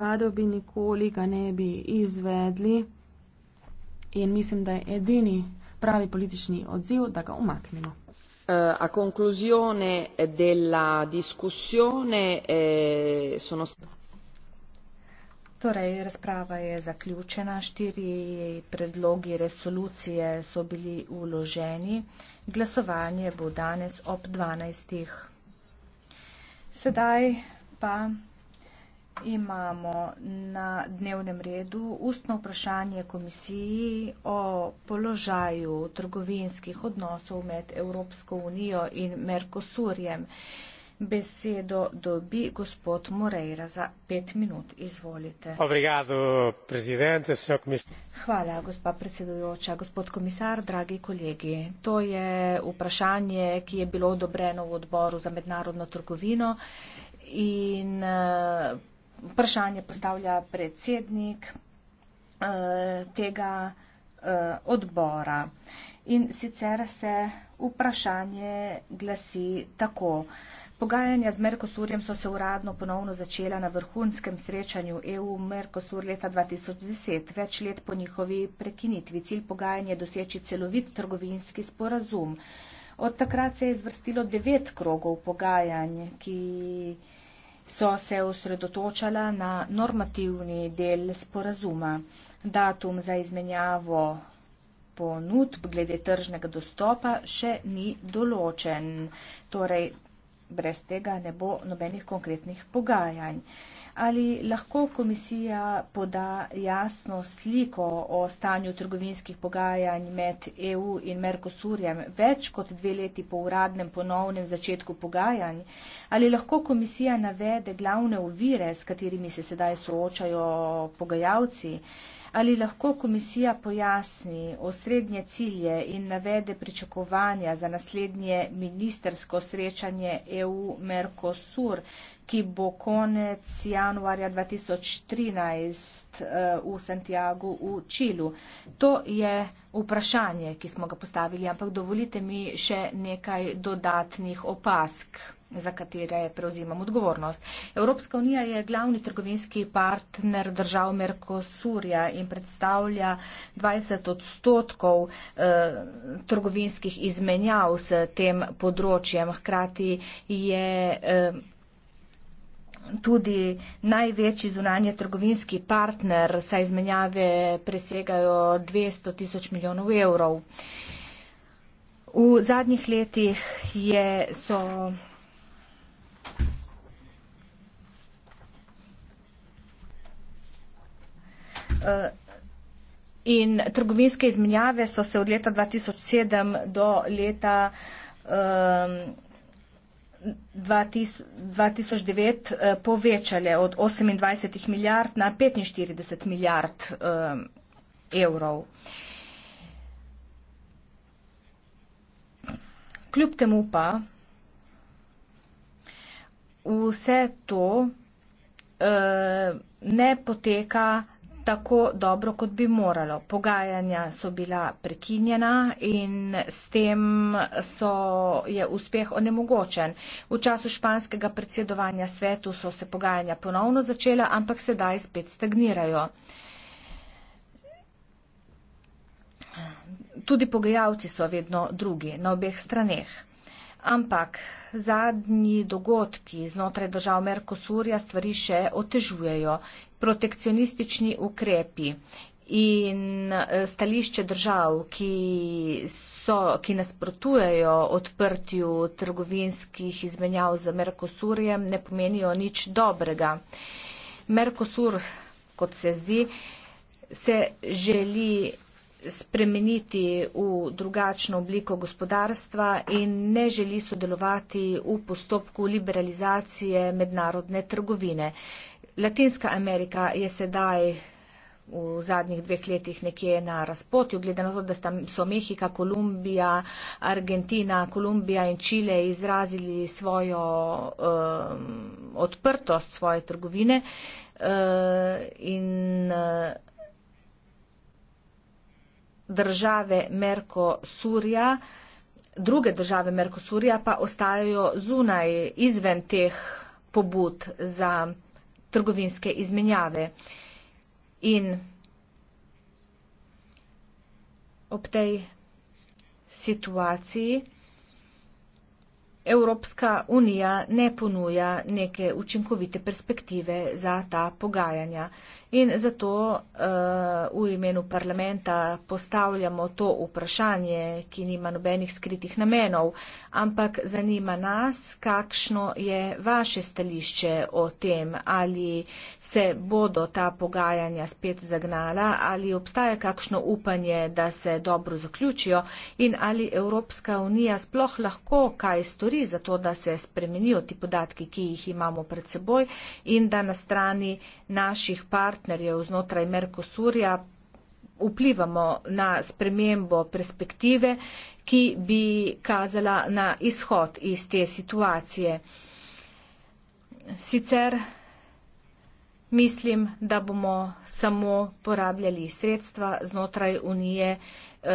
rado bi nikoli ga ne bi izvedli in mislim, da je edini pravi politični odziv, da ga umaknemo. Uh, eh, a conclusione della discussione eh, sono Torej, razprava je zaključena, štiri predlogi resolucije so bili vloženi, glasovanje bo danes ob 12. Sedaj pa imamo na dnevnem redu ustno vprašanje komisiji o položaju trgovinskih odnosov med Evropsko unijo in Merkosurjem. Besedo dobi gospod Moreira za pet minut. Izvolite. Obrigado, Hvala, gospa predsedujoča, gospod komisar, dragi kolegi. To je vprašanje, ki je bilo odobreno v odboru za mednarodno trgovino in uh, vprašanje postavlja predsednik eh, tega eh, odbora. In sicer se vprašanje glasi tako. Pogajanja z Merkosurjem so se uradno ponovno začela na vrhunskem srečanju EU-Merkosur leta 2010, več let po njihovi prekinitvi. Cilj pogajanja je doseči celovit trgovinski sporazum. Od takrat se je izvrstilo devet krogov pogajanj, ki so se osredotočala na normativni del sporazuma, datum za izmenjavo ponudb glede tržnega dostopa še ni določen. Torej, brez tega ne bo nobenih konkretnih pogajanj. Ali lahko komisija poda jasno sliko o stanju trgovinskih pogajanj med EU in Merkosurjem več kot dve leti po uradnem ponovnem začetku pogajanj? Ali lahko komisija navede glavne uvire, s katerimi se sedaj soočajo pogajalci? Ali lahko komisija pojasni osrednje cilje in navede pričakovanja za naslednje ministersko srečanje EU-Mercosur, ki bo konec januarja 2013 eh, v Santiago v Čilu? To je vprašanje, ki smo ga postavili, ampak dovolite mi še nekaj dodatnih opask za katere prevzimam odgovornost. Evropska unija je glavni trgovinski partner držav Merkosurja in predstavlja 20 odstotkov eh, trgovinskih izmenjav s tem področjem. Hkrati je. Eh, tudi največji zunanje trgovinski partner, saj izmenjave presegajo 200 tisoč milijonov evrov. V zadnjih letih je, so Eh, in trgovinske izmenjave so se od leta 2007 do leta um, ehm, 2009 eh, povečale od 28 milijard na 45 milijard um, evrov. Kljub temu pa vse to uh, ne poteka tako dobro, kot bi moralo. Pogajanja so bila prekinjena in s tem so, je uspeh onemogočen. V času španskega predsedovanja svetu so se pogajanja ponovno začela, ampak sedaj spet stagnirajo. Tudi pogajalci so vedno drugi na obeh straneh. Ampak zadnji dogodki znotraj držav Merkosurja stvari še otežujejo protekcionistični ukrepi in eh, stališče držav, ki, so, ki nasprotujejo odprtju trgovinskih izmenjav z Merkosurjem, ne pomenijo nič dobrega. Merkosur, kot se zdi, se želi spremeniti v drugačno obliko gospodarstva in ne želi sodelovati v postopku liberalizacije mednarodne trgovine. Latinska Amerika je sedaj v zadnjih dveh letih nekje na razpotju, glede na to, da so Mehika, Kolumbija, Argentina, Kolumbija in Čile izrazili svojo um, odprtost svoje trgovine uh, in uh, države Merkosurja, druge države Merkosurja pa ostajajo zunaj, izven teh pobud za trgovinske izmenjave. In ob tej situaciji Evropska unija ne ponuja neke učinkovite perspektive za ta pogajanja. In zato eh, v imenu parlamenta postavljamo to vprašanje, ki nima nobenih skritih namenov, ampak zanima nas, kakšno je vaše stališče o tem, ali se bodo ta pogajanja spet zagnala, ali obstaja kakšno upanje, da se dobro zaključijo in ali Evropska unija sploh lahko kaj stori za to, da se spremenijo ti podatki, ki jih imamo pred seboj in da na strani naših partnerjev partnerjev znotraj Merkosurja vplivamo na spremembo perspektive, ki bi kazala na izhod iz te situacije. Sicer mislim, da bomo samo porabljali sredstva znotraj Unije eh,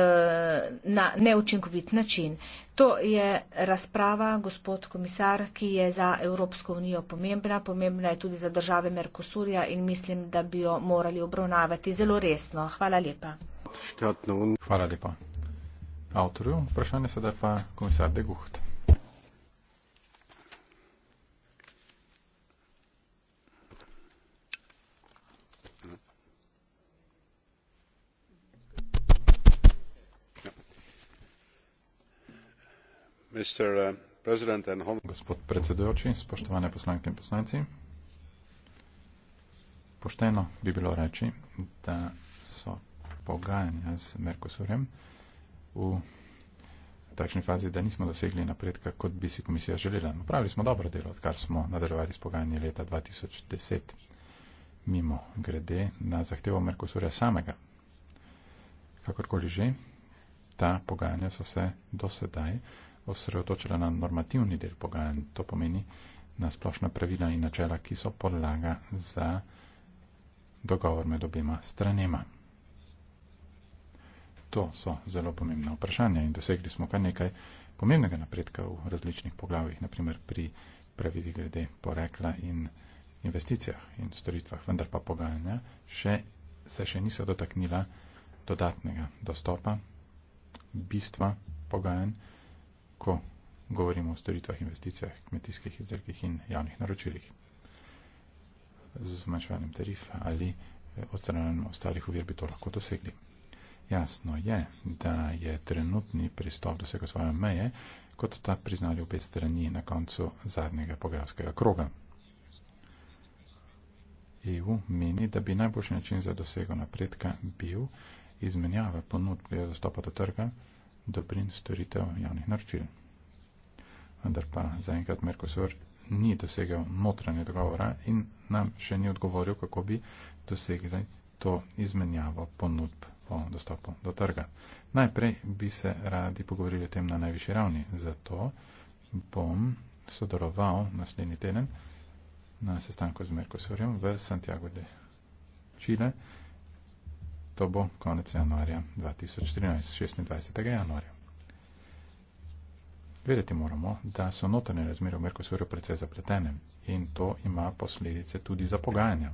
na neučinkovit način. To je razprava, gospod komisar, ki je za Evropsko unijo pomembna, pomembna je tudi za države Merkosurja in mislim, da bi jo morali obravnavati zelo resno. Hvala lepa. Hvala lepa. Avtorju vprašanja sedaj pa komisar Deguht. Uh, gospod predsedujoči spoštovane poslanke in poslanci pošteno bi bilo reči da so pogajanja z merkosurjem v takšni fazi da nismo dosegli napredka kot bi si komisija želela napravili smo dobro delo odkar smo nadaljevali s pogajanji leta 2010 mimo grede na zahtevo merkosurja samega kakorkoli že ta pogajanja so se do sedaj osredotočila na normativni del pogajanj, to pomeni na splošna pravila in načela, ki so podlaga za dogovor med obema stranema. To so zelo pomembna vprašanja in dosegli smo kar nekaj pomembnega napredka v različnih poglavjih, naprimer pri pravili glede porekla in investicijah in storitvah, vendar pa pogajanja še, se še niso dotaknila dodatnega dostopa, bistva pogajanj, ko govorimo o storitvah, investicijah, kmetijskih izdelkih in javnih naročilih. Z zmanjševanjem tarif ali eh, odstranjanjem ostalih uvir bi to lahko dosegli. Jasno je, da je trenutni pristop dosegel svoje meje, kot sta priznali obe strani na koncu zadnjega pogajalskega kroga. EU meni, da bi najboljši način za dosego napredka bil izmenjava ponudb glede dostopa do trga, dobrin storitev javnih naročil. Vendar pa zaenkrat Merkosur ni dosegel notranje dogovora in nam še ni odgovoril, kako bi dosegli to izmenjavo ponudb po dostopu do trga. Najprej bi se radi pogovorili o tem na najvišji ravni, zato bom sodeloval naslednji teden na sestanku z Merkosurjem v Santiago de Chile. To bo konec januarja 2013, 26. januarja. Vedeti moramo, da so notranje razmere v Merkosurju precej zapletene in to ima posledice tudi za pogajanja.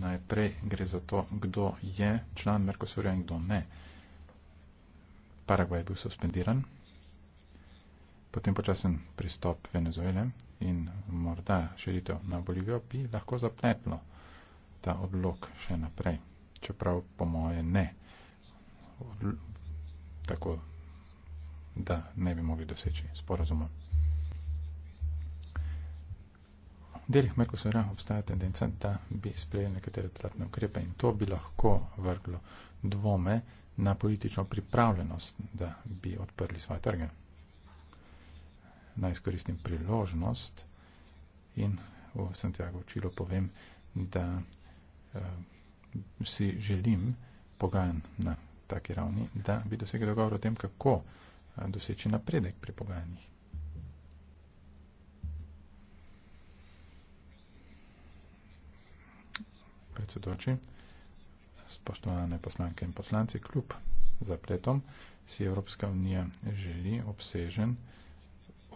Najprej gre za to, kdo je član Merkosurja in kdo ne. Paragvaj je bil suspendiran, potem počasen pristop Venezuele in morda širitev na Bolivijo bi lahko zapletlo ta odlog še naprej. Čeprav po moje ne. Odl tako, da ne bi mogli doseči sporazuma. V delih Merkosura obstaja tendenca, da bi sprejeli nekatere dodatne ukrepe in to bi lahko vrglo dvome na politično pripravljenost, da bi odprli svoje trge. Naj izkoristim priložnost in v Santiago učilo povem, da uh, si želim pogajan na taki ravni, da bi dosegel dogovor o tem, kako uh, doseči napredek pri pogajanjih. Predsedoči, spoštovane poslanke in poslanci, kljub zapletom si Evropska unija želi obsežen,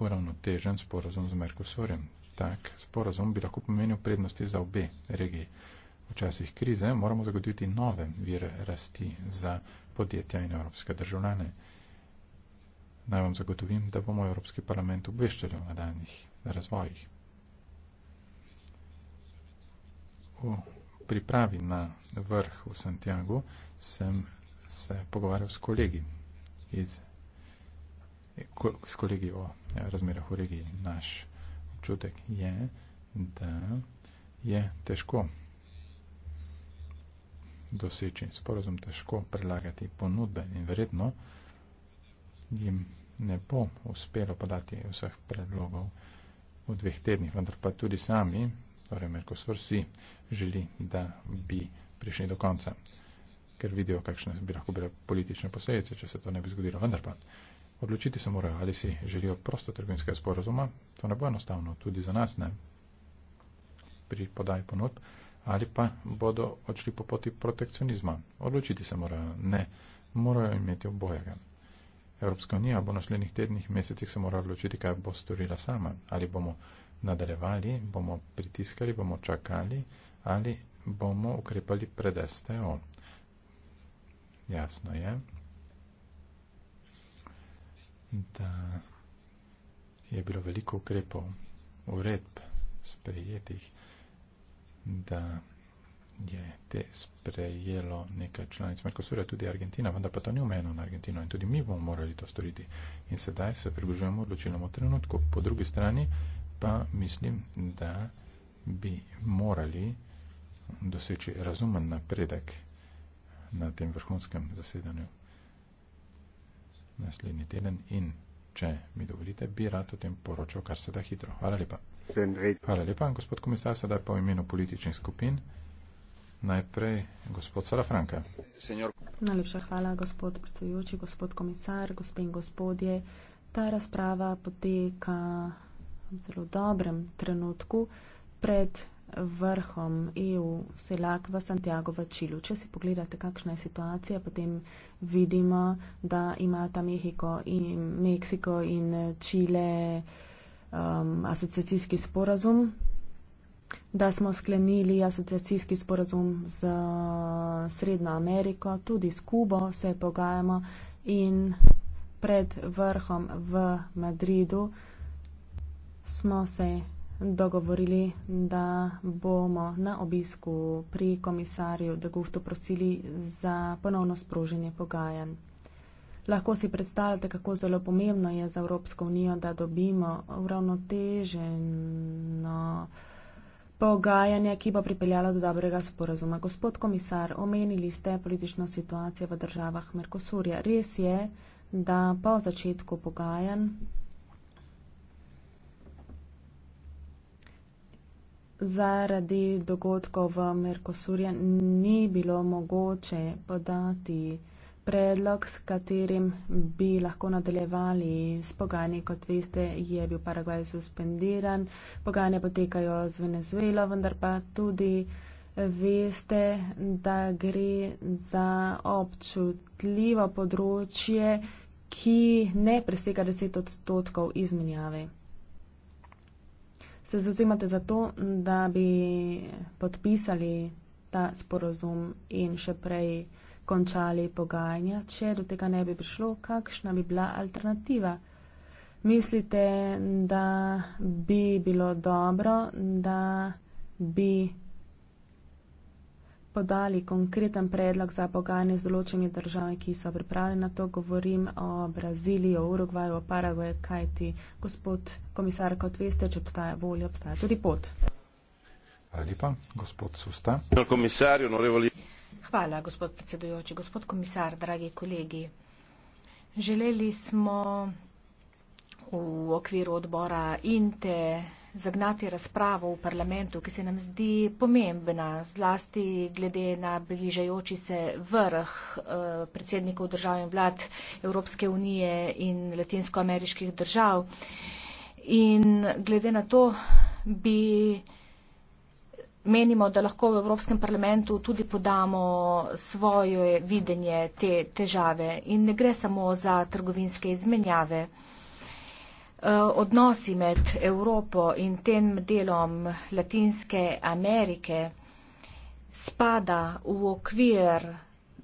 uravnotežen sporazum z Merkusorjem. Tak sporazum bi lahko pomenil prednosti za obe regiji. Uh, v časih krize moramo zagotoviti nove vire rasti za podjetja in evropske državljane. Naj vam zagotovim, da bomo Evropski parlament obveščali o nadaljnih razvojih. V pripravi na vrh v Santiago sem se pogovarjal s kolegi, iz, s kolegi o ja, razmerah v regiji. Naš občutek je, da je težko doseči sporozum, težko prelagati ponudbe in verjetno jim ne bo uspelo podati vseh predlogov v dveh tednih, vendar pa tudi sami, torej Merkosur si želi, da bi prišli do konca, ker vidijo, kakšne bi lahko bile politične posledice, če se to ne bi zgodilo. Vendar pa odločiti se morajo, ali si želijo prosto trgovinske sporozuma, to ne bo enostavno, tudi za nas ne, pri podaji ponudb ali pa bodo odšli po poti protekcionizma. Odločiti se morajo. Ne, morajo imeti obojega. Evropska unija bo v naslednjih tednih, mesecih se morala odločiti, kaj bo storila sama. Ali bomo nadaljevali, bomo pritiskali, bomo čakali ali bomo ukrepali pred STO. Jasno je, da je bilo veliko ukrepov, uredb sprejetih da je te sprejelo nekaj članic Merkosura, tudi Argentina, vendar pa to ni omejeno na Argentino in tudi mi bomo morali to storiti. In sedaj se približujemo odločilnemu trenutku. Po drugi strani pa mislim, da bi morali doseči razumen napredek na tem vrhunskem zasedanju naslednji teden in, če mi dovolite, bi rad o tem poročal kar se da hitro. Hvala lepa. Hvala lepa, gospod komisar. Sedaj pa v imenu političnih skupin. Najprej gospod Salafranka. Najlepša hvala, gospod predsedujoči, gospod komisar, gospe in gospodje. Ta razprava poteka v zelo dobrem trenutku pred vrhom EU Selak v Santiago v Čilu. Če si pogledate, kakšna je situacija, potem vidimo, da imata Mehiko in Meksiko in Čile um, asociacijski sporazum, da smo sklenili asociacijski sporazum z uh, Srednjo Ameriko, tudi s Kubo se pogajamo in pred vrhom v Madridu smo se dogovorili, da bomo na obisku pri komisarju Degustu prosili za ponovno sproženje pogajanj. Lahko si predstavljate, kako zelo pomembno je za Evropsko unijo, da dobimo uravnoteženo pogajanje, ki bo pripeljalo do dobrega sporazuma. Gospod komisar, omenili ste politično situacijo v državah Merkosurja. Res je, da po začetku pogajanj zaradi dogodkov v Merkosurju ni bilo mogoče podati Predlog, s katerim bi lahko nadaljevali s pogajanji, kot veste, je bil Paraguaj suspendiran. Pogajanja potekajo z Venezuelo, vendar pa tudi veste, da gre za občutljivo področje, ki ne presega 10 odstotkov izmenjave. Se zauzemate za to, da bi podpisali ta sporozum in še prej končali pogajanja, če do tega ne bi prišlo, kakšna bi bila alternativa? Mislite, da bi bilo dobro, da bi podali konkreten predlog za pogajanje z določenimi državami, ki so pripravljene na to? Govorim o Braziliji, o Urugvaju, o Paragoju, kajti, gospod komisar, kot veste, če obstaja volja, obstaja tudi pot. Hvala lepa, gospod Susta. Komisar, onorevoli. Hvala, gospod predsedujoči. Gospod komisar, dragi kolegi. Želeli smo v okviru odbora INTE zagnati razpravo v parlamentu, ki se nam zdi pomembna, zlasti glede na bližajoči se vrh eh, predsednikov držav in vlad Evropske unije in latinskoameriških držav. In glede na to bi menimo, da lahko v Evropskem parlamentu tudi podamo svoje videnje te težave in ne gre samo za trgovinske izmenjave. E, odnosi med Evropo in tem delom Latinske Amerike spada v okvir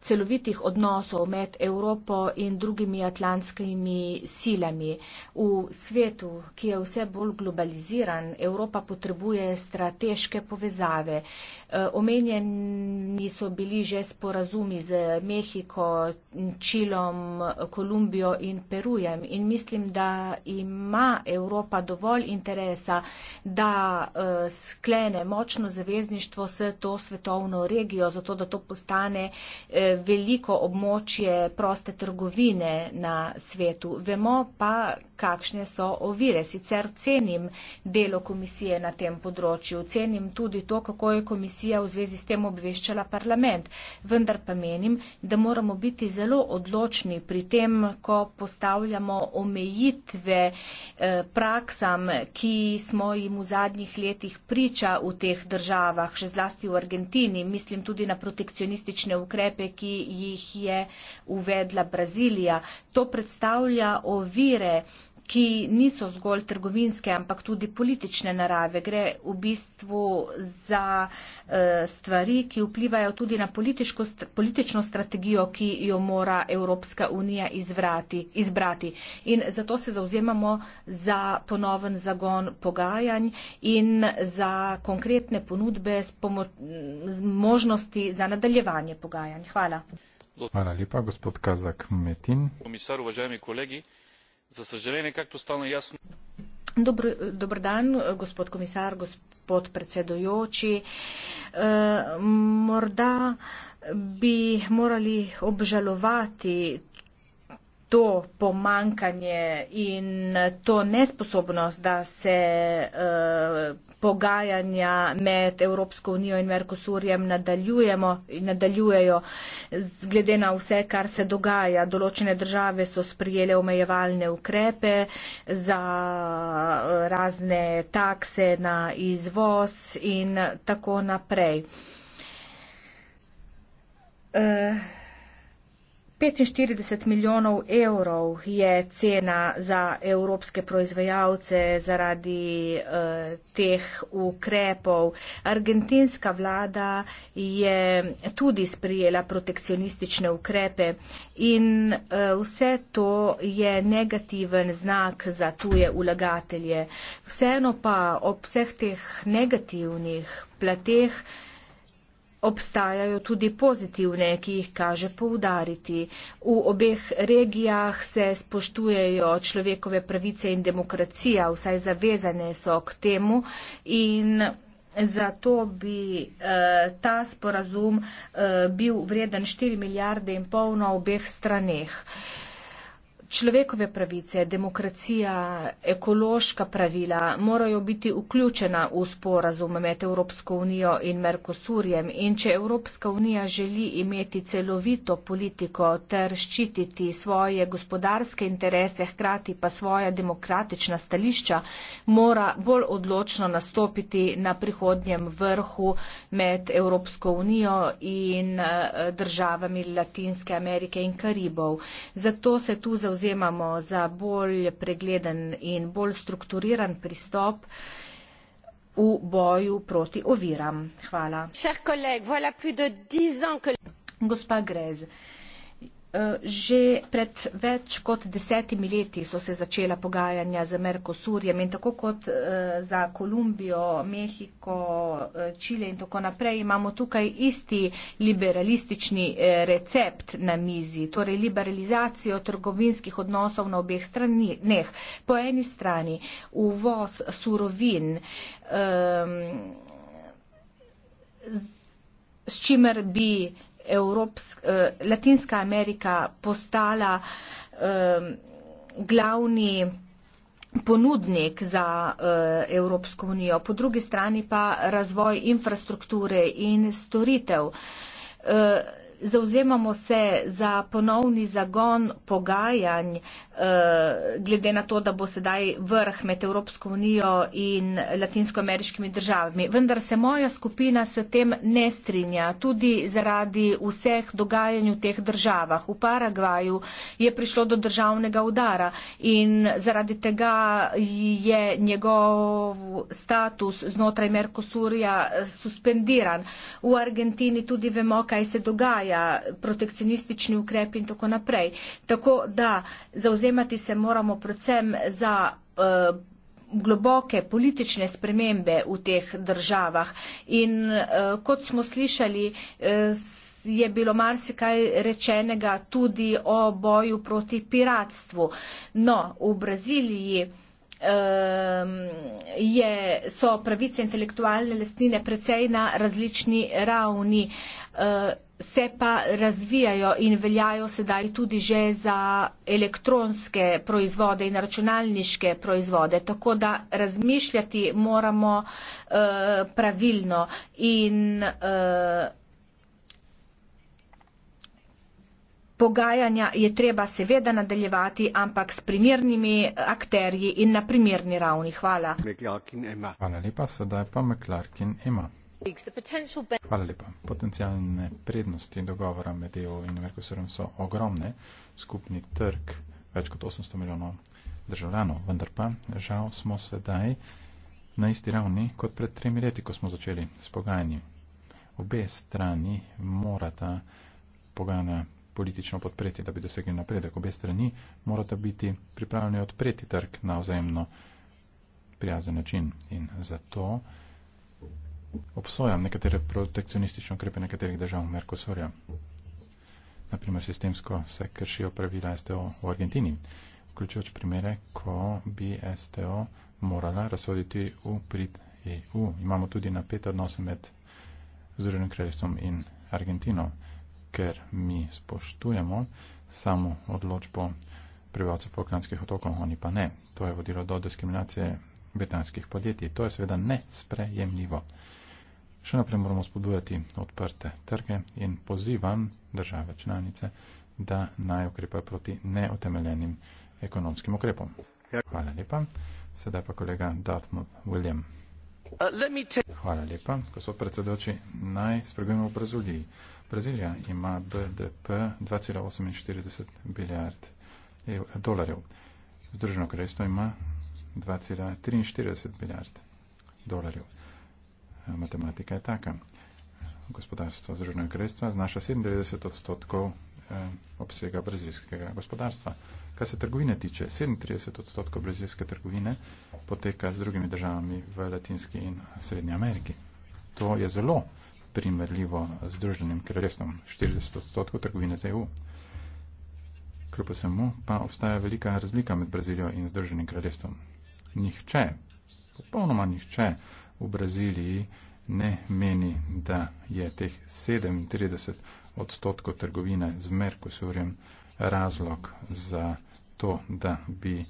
celovitih odnosov med Evropo in drugimi atlantskimi silami. V svetu, ki je vse bolj globaliziran, Evropa potrebuje strateške povezave. E, omenjeni so bili že sporazumi z Mehiko, Čilom, Kolumbijo in Perujem in mislim, da ima Evropa dovolj interesa, da e, sklene močno zavezništvo s to svetovno regijo, zato da to postane e, veliko območje proste trgovine na svetu. Vemo pa, kakšne so ovire. Sicer cenim delo komisije na tem področju, cenim tudi to, kako je komisija v zvezi s tem obveščala parlament, vendar pa menim, da moramo biti zelo odločni pri tem, ko postavljamo omejitve eh, praksam, ki smo jim v zadnjih letih priča v teh državah, še zlasti v Argentini, mislim tudi na protekcionistične ukrepe, ki jih je uvedla Brazilija. To predstavlja ovire ki niso zgolj trgovinske, ampak tudi politične narave. Gre v bistvu za eh, stvari, ki vplivajo tudi na politično strategijo, ki jo mora Evropska unija izvrati, izbrati. In zato se zauzemamo za ponoven zagon pogajanj in za konkretne ponudbe s možnosti za nadaljevanje pogajanj. Hvala. Hvala lepa, gospod Kazak Metin. Komisar, uvažajami kolegi za sožaljenje, kako to stalno jasno. Dobro, dober dan, gospod komisar, gospod predsedujoči. E, morda bi morali obžalovati to pomankanje in to nesposobnost, da se uh, pogajanja med Evropsko unijo in Merkosurjem nadaljujemo in nadaljujejo, glede na vse, kar se dogaja. Določene države so sprijele omejevalne ukrepe za eh, razne takse na izvoz in tako naprej. Uh, 45 milijonov evrov je cena za evropske proizvajalce zaradi eh, teh ukrepov. Argentinska vlada je tudi sprijela protekcionistične ukrepe in eh, vse to je negativen znak za tuje ulagatelje. Vseeno pa ob vseh teh negativnih plateh obstajajo tudi pozitivne, ki jih kaže poudariti. V obeh regijah se spoštujejo človekove pravice in demokracija, vsaj zavezane so k temu in zato bi eh, ta sporazum eh, bil vreden 4 milijarde in pol na obeh straneh. Eh, človekove pravice, demokracija, ekološka pravila morajo biti vključena v sporazum med Evropsko unijo in Merkosurjem in če Evropska unija želi imeti celovito politiko ter ščititi svoje gospodarske interese, hkrati pa svoja demokratična stališča, mora bolj odločno nastopiti na prihodnjem vrhu med Evropsko unijo in eh, državami Latinske Amerike in Karibov. Zato se tu zauzemamo zavzemamo za bolj pregleden in bolj strukturiran pristop v boju proti oviram. Hvala. Gospa Grez, Eh, že pred več kot desetimi leti so se začela pogajanja z Merkosurjem in tako kot eh, za Kolumbijo, Mehiko, eh, Čile in tako naprej imamo tukaj isti liberalistični recept na mizi, torej liberalizacijo trgovinskih odnosov na obeh straneh. Po eni strani uvoz surovin. Um, s čimer bi Evropsk, eh, Latinska Amerika postala eh, glavni ponudnik za eh, Evropsko unijo, po drugi strani pa razvoj infrastrukture in storitev. Eh, zauzemamo se za ponovni zagon pogajanj, eh, glede na to, da bo sedaj vrh med Evropsko unijo in latinskoameriškimi državami. Vendar se moja skupina s tem ne strinja, tudi zaradi vseh dogajanj v teh državah. V Paragvaju je prišlo do državnega udara in zaradi tega je njegov status znotraj Merkosurja suspendiran. V Argentini tudi vemo, kaj se dogaja zdravja, protekcionistični ukrep in tako naprej. Tako da zauzemati se moramo predvsem za eh, globoke politične spremembe v teh državah. In eh, kot smo slišali, eh, je bilo marsikaj rečenega tudi o boju proti piratstvu. No, v Braziliji je, so pravice intelektualne lastnine precej na različni ravni se pa razvijajo in veljajo sedaj tudi že za elektronske proizvode in računalniške proizvode. Tako da razmišljati moramo uh, pravilno in uh, pogajanja je treba seveda nadaljevati, ampak s primernimi akterji in na primerni ravni. Hvala. Hvala lepa, sedaj pa Meklarkin ima. Hvala lepa. Potencijalne prednosti dogovora med EU in Mercosurom so ogromne. Skupni trg več kot 800 milijonov državljanov. Vendar pa žal smo sedaj na isti ravni kot pred tremi leti, ko smo začeli s pogajanji. Obe strani morata pogajanja politično podpreti, da bi dosegli napredek. Obe strani morata biti pripravljeni odpreti trg na vzajemno prijazen način. In zato obsojam nekatere protekcionistične ukrepe nekaterih držav Merkosorja. Naprimer, sistemsko se kršijo pravila STO v Argentini, vključujoč primere, ko bi STO morala razsoditi v prid EU. Imamo tudi napet odnose med Združenim kraljestvom in Argentino, ker mi spoštujemo samo odločbo prebivalcev Falklandskih otokov, oni pa ne. To je vodilo do diskriminacije britanskih podjetij. To je seveda nesprejemljivo. Še naprej moramo spodbujati odprte trge in pozivam države članice, da naj ukrepajo proti neotemeljenim ekonomskim ukrepom. Hvala lepa. Sedaj pa kolega Dartmouth William. Uh, Hvala lepa. Ko so predsedoči, naj spregujemo v Braziliji. Brazilija ima BDP 2,48 milijard dolarjev. Združeno kraljestvo ima 2,43 milijard dolarjev matematika je taka. Gospodarstvo Združenega kraljestva znaša 97 odstotkov eh, obsega brazilskega gospodarstva. Kar se trgovine tiče, 37 odstotkov brazilske trgovine poteka z drugimi državami v Latinski in Srednji Ameriki. To je zelo primerljivo z Združenim kraljestvom, 40 odstotkov trgovine z EU. Kljub vsemu pa obstaja velika razlika med Brazilijo in Združenim kraljestvom. Nihče, popolnoma nihče, v Braziliji ne meni, da je teh 37 odstotkov trgovine z Merkosurjem razlog za to, da bi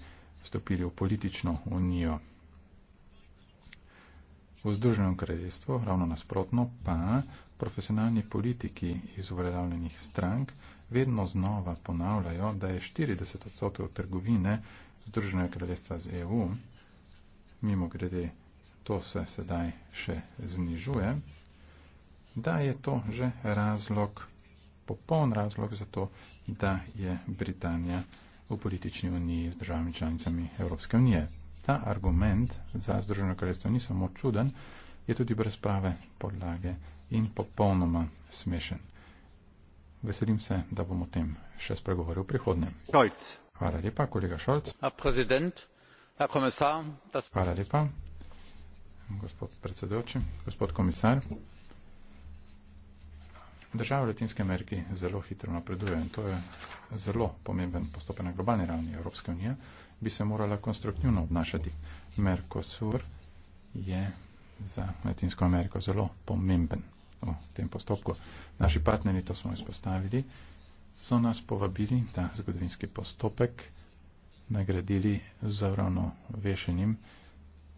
vstopili v politično unijo. V Združenem kraljestvu, ravno nasprotno, pa profesionalni politiki iz uveljavljenih strank vedno znova ponavljajo, da je 40 odstotkov trgovine Združenega kraljestva z EU, mimo grede to se sedaj še znižuje, da je to že razlog, popoln razlog za to, da je Britanija v politični uniji z državami članicami Evropske unije. Ta argument za Združeno kraljestvo ni samo čuden, je tudi brez prave podlage in popolnoma smešen. Veselim se, da bom o tem še spregovoril v prihodnem. Hvala lepa, kolega Šolc. Hvala lepa gospod predsedoči, gospod komisar. Država Latinske Amerike zelo hitro napreduje in to je zelo pomemben postopek na globalni ravni Evropske unije, bi se morala konstruktivno obnašati. Mercosur je za Latinsko Ameriko zelo pomemben v tem postopku. Naši partneri, to smo izpostavili, so nas povabili, da zgodovinski postopek nagradili z ravno vešenim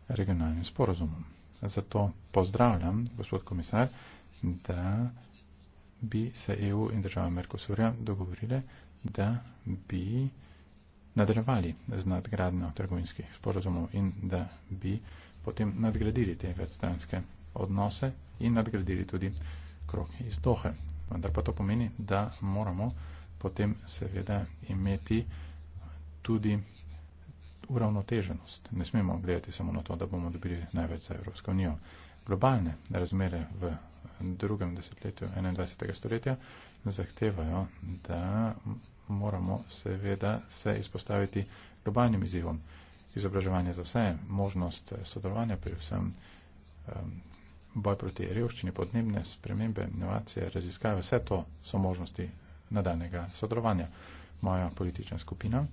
regionalnim sporozumom. Zato pozdravljam, gospod komisar, da bi se EU in država Merkosurja dogovorile, da bi nadaljevali z nadgradnjo trgovinskih sporozumov in da bi potem nadgradili te večstranske odnose in nadgradili tudi krok iz Dohe. Vendar pa to pomeni, da moramo potem seveda imeti tudi uravnoteženost. Ne smemo gledati samo na to, da bomo dobili največ za Evropsko unijo. Globalne razmere v drugem desetletju 21. stoletja zahtevajo, da moramo seveda se izpostaviti globalnim izzivom. Izobraževanje za vse, možnost sodelovanja pri vsem, boj proti revščini, podnebne spremembe, inovacije, raziskave, vse to so možnosti nadaljnega sodelovanja. Moja politična skupina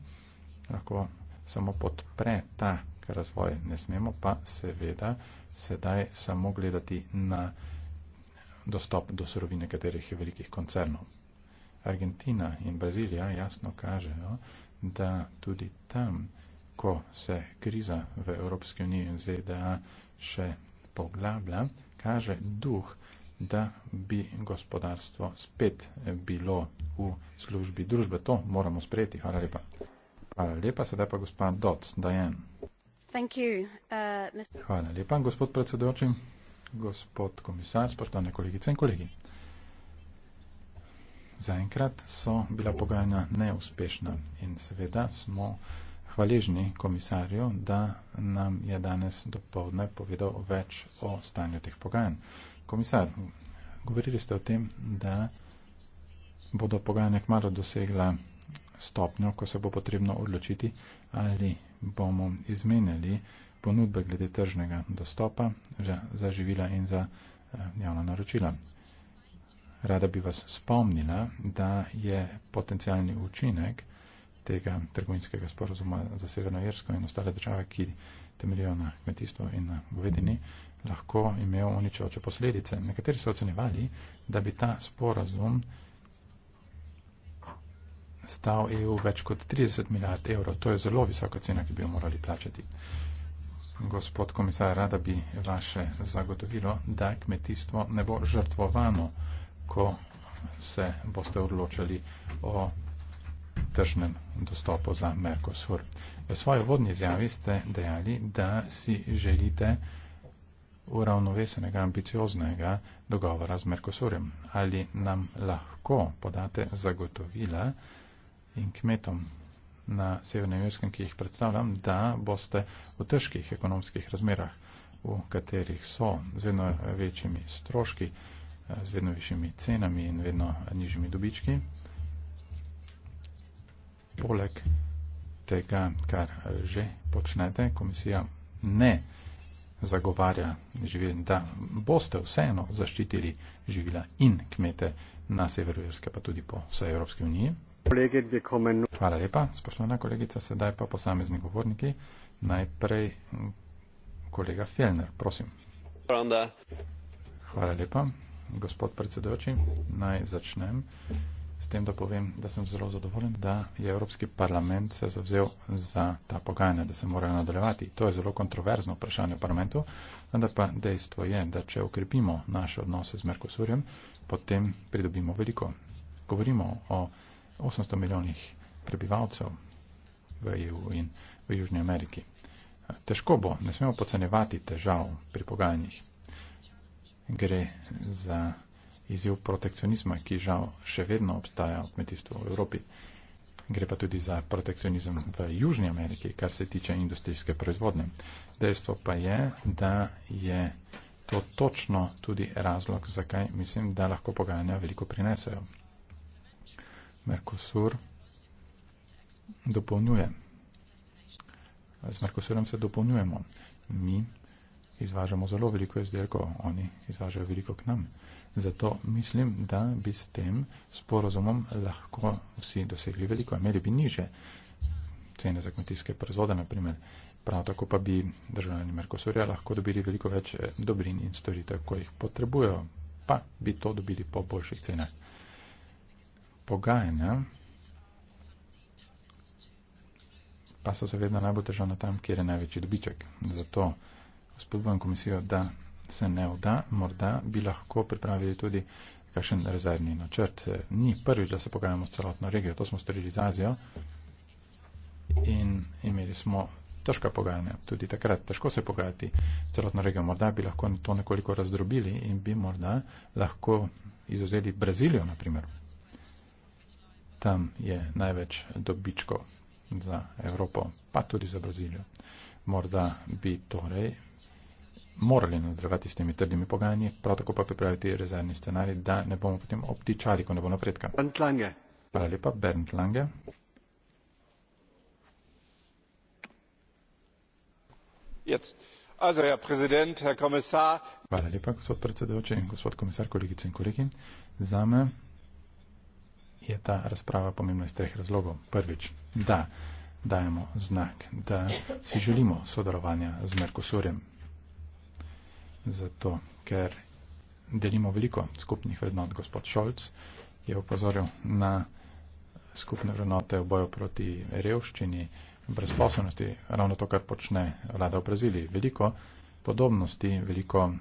lahko samo podpre ta razvoj. Ne smemo pa seveda sedaj samo gledati na dostop do surovine katerih je velikih koncernov. Argentina in Brazilija jasno kažejo, da tudi tam, ko se kriza v Evropski uniji in ZDA še poglablja, kaže duh, da bi gospodarstvo spet bilo v službi družbe. To moramo sprejeti. Hvala lepa. Hvala lepa, sedaj pa gospa Dodds, Dajan. Uh, Hvala lepa, gospod predsedujoči, gospod komisar, spoštovane kolegice in kolegi. Zaenkrat so bila pogajanja neuspešna in seveda smo hvaležni komisarju, da nam je danes dopovdne povedal več o stanju teh pogajanj. Komisar, govorili ste o tem, da bodo pogajanja kmalo dosegla stopnjo, ko se bo potrebno odločiti, ali bomo izmenjali ponudbe glede tržnega dostopa za živila in za eh, javna naročila. Rada bi vas spomnila, da je potencijalni učinek tega trgovinskega sporozuma za Severno Jersko in ostale države, ki temeljijo na kmetijstvu in na govedini, lahko imel uničujoče posledice. Nekateri so ocenjevali, da bi ta sporozum stal EU več kot 30 milijard evrov. To je zelo visoka cena, ki bi jo morali plačati. Gospod komisar, rada bi vaše zagotovilo, da kmetijstvo ne bo žrtvovano, ko se boste odločili o tržnem dostopu za Mercosur. V svojo vodni izjavi ste dejali, da si želite uravnovesenega, ambicioznega dogovora z Mercosurjem. Ali nam lahko podate zagotovila, in kmetom na Severnem Jurskem, ki jih predstavljam, da boste v težkih ekonomskih razmerah, v katerih so z vedno večjimi stroški, z vedno višjimi cenami in vedno nižjimi dobički, poleg tega, kar že počnete, komisija ne zagovarja živin, da boste vseeno zaščitili živila in kmete na Severu Jurske, pa tudi po vsej Evropski uniji, Hvala lepa, spoštovana kolegica, sedaj pa posamezni govorniki. Najprej kolega Fjellner, prosim. Hvala lepa, gospod predsedujoči. Naj začnem s tem, da povem, da sem zelo zadovoljen, da je Evropski parlament se zavzel za ta pogajanja, da se morajo nadaljevati. To je zelo kontroverzno vprašanje v parlamentu, vendar pa dejstvo je, da če ukrepimo naše odnose z Merkosurjem, potem pridobimo veliko. Govorimo o 800 milijonih prebivalcev v EU in v Južni Ameriki. Težko bo, ne smemo pocenevati težav pri pogajanjih. Gre za izjiv protekcionizma, ki žal še vedno obstaja v kmetijstvu v Evropi. Gre pa tudi za protekcionizem v Južni Ameriki, kar se tiče industrijske proizvodne. Dejstvo pa je, da je to točno tudi razlog, zakaj mislim, da lahko pogajanja veliko prinesajo. Merkosur dopolnjuje. Z Merkosurom se dopolnjujemo. Mi izvažamo zelo veliko izdelkov, oni izvažajo veliko k nam. Zato mislim, da bi s tem sporozumom lahko vsi dosegli veliko, imeli bi niže cene za kmetijske proizvode, naprimer. Prav tako pa bi državljani Merkosurja lahko dobili veliko več dobrin in storitev, ko jih potrebujejo, pa bi to dobili po boljših cenah pogajanja, pa so seveda najbolj težavna tam, kjer je največji dobiček. Zato spodbujam komisijo, da se ne vda, morda bi lahko pripravili tudi kakšen rezervni načrt. Ni prvič, da se pogajamo s celotno regijo, to smo storili z Azijo in imeli smo težka pogajanja, tudi takrat težko se pogajati s celotno regijo. Morda bi lahko to nekoliko razdrobili in bi morda lahko izuzeli Brazilijo, na primer tam je največ dobičkov za Evropo, pa tudi za Brazilijo. Morda bi torej morali nadaljevati s temi trdimi pogajanji, prav tako pa pripraviti rezervni scenarij, da ne bomo potem obtičali, ko ne bo napredka. Bernd Lange. Hvala lepa, Bernd Lange. Jetzt. Also, Herr Präsident, Herr Kommissar. Hvala lepa, gospod predsedujoči in gospod komisar, kolegice in kolegi. Zame je ta razprava pomembna iz treh razlogov. Prvič, da dajemo znak, da si želimo sodelovanja z Merkosurjem. Zato, ker delimo veliko skupnih vrednot. Gospod Šolc je upozoril na skupne vrednote v boju proti revščini, brezposobnosti, ravno to, kar počne vlada v Braziliji. Veliko podobnosti, veliko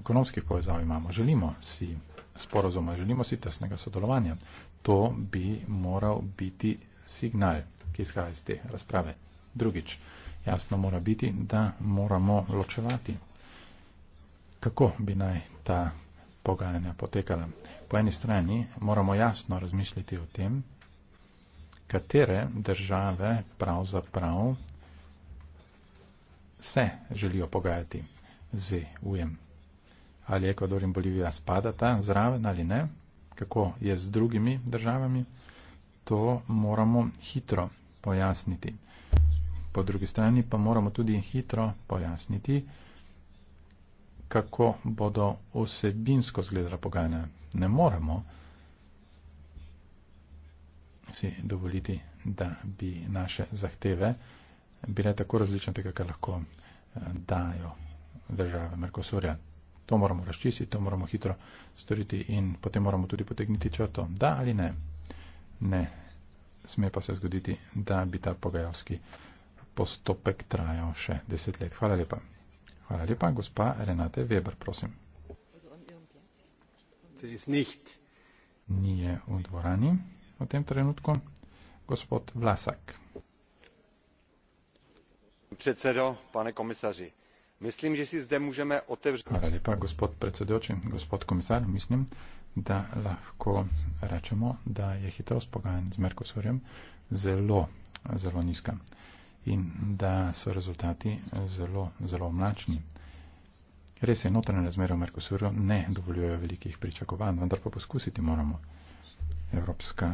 ekonomskih povezav imamo. Želimo si sporozuma. Želimo si tesnega sodelovanja. To bi moral biti signal, ki izhaja iz te razprave. Drugič, jasno mora biti, da moramo ločevati, kako bi naj ta pogajanja potekala. Po eni strani moramo jasno razmisliti o tem, katere države pravzaprav se želijo pogajati z UEM ali Ekvador in Bolivija spadata zraven ali ne, kako je z drugimi državami, to moramo hitro pojasniti. Po drugi strani pa moramo tudi hitro pojasniti, kako bodo osebinsko zgledala pogajanja. Ne moremo si dovoliti, da bi naše zahteve bile tako različne, tega, kar lahko eh, dajo države Merkosurja to moramo razčistiti, to moramo hitro storiti in potem moramo tudi potegniti črto. Da ali ne? Ne. Sme pa se zgoditi, da bi ta pogajalski postopek trajal še deset let. Hvala lepa. Hvala lepa, gospa Renate Weber, prosim. Nije v dvorani v tem trenutku. Gospod Vlasak. Predsedo, pane komisarji. Mislim, že si zdaj lahko otevrimo. Hvala lepa, gospod predsedujoči, gospod komisar. Mislim, da lahko rečemo, da je hitrost pogajanj z Merkosorjem zelo, zelo nizka in da so rezultati zelo, zelo mlačni. Res je, notranje razmere v Merkosorju ne dovoljujejo velikih pričakovanj, vendar pa poskusiti moramo. Evropska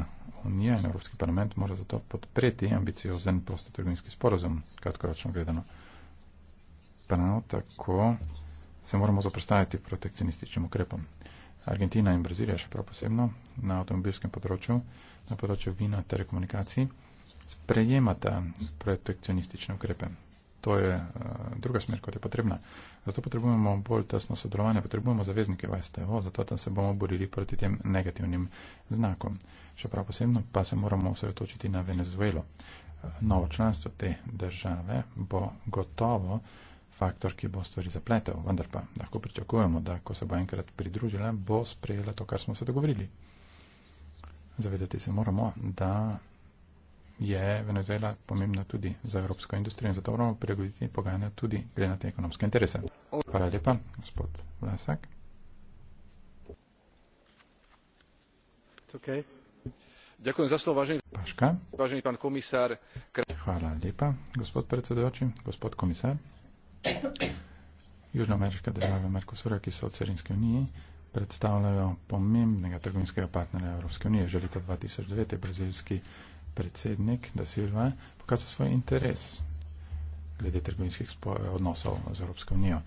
unija in Evropski parlament mora zato podpreti ambiciozen prostotrgovinski sporozum, kratkoročno gledano prav tako se moramo zoprstaviti protekcionističnim ukrepom. Argentina in Brazilija še prav posebno na avtomobilskem področju, na področju vina ter komunikacij, sprejemata protekcionistične ukrepe. To je uh, druga smer, kot je potrebna. Zato potrebujemo bolj tesno sodelovanje, potrebujemo zaveznike v STO, zato tam se bomo borili proti tem negativnim znakom. Še prav posebno pa se moramo osredotočiti na Venezuelo. Uh, novo članstvo te države bo gotovo uh, faktor, ki bo stvari zapletel, vendar pa lahko pričakujemo, da ko se bo enkrat pridružila, bo sprejela to, kar smo se dogovorili. Zavedati se moramo, da je Venezuela pomembna tudi za evropsko industrijo in zato moramo prilagoditi pogajanja tudi glede na te ekonomske interese. Hvala lepa, gospod Vlasak. Okay. Ďakujem za slovo, vážený, Paška. vážený pán komisár. Kr- Hvala lepa, gospod predsedujoči, gospod komisár. Južnoameriška država in Merkosur, ki so v Carinske unije, predstavljajo pomembnega trgovinskega partnerja Evropske unije. Že leta 2009 je brazilski predsednik da Silva pokazal svoj interes glede trgovinskih odnosov z Evropsko unijo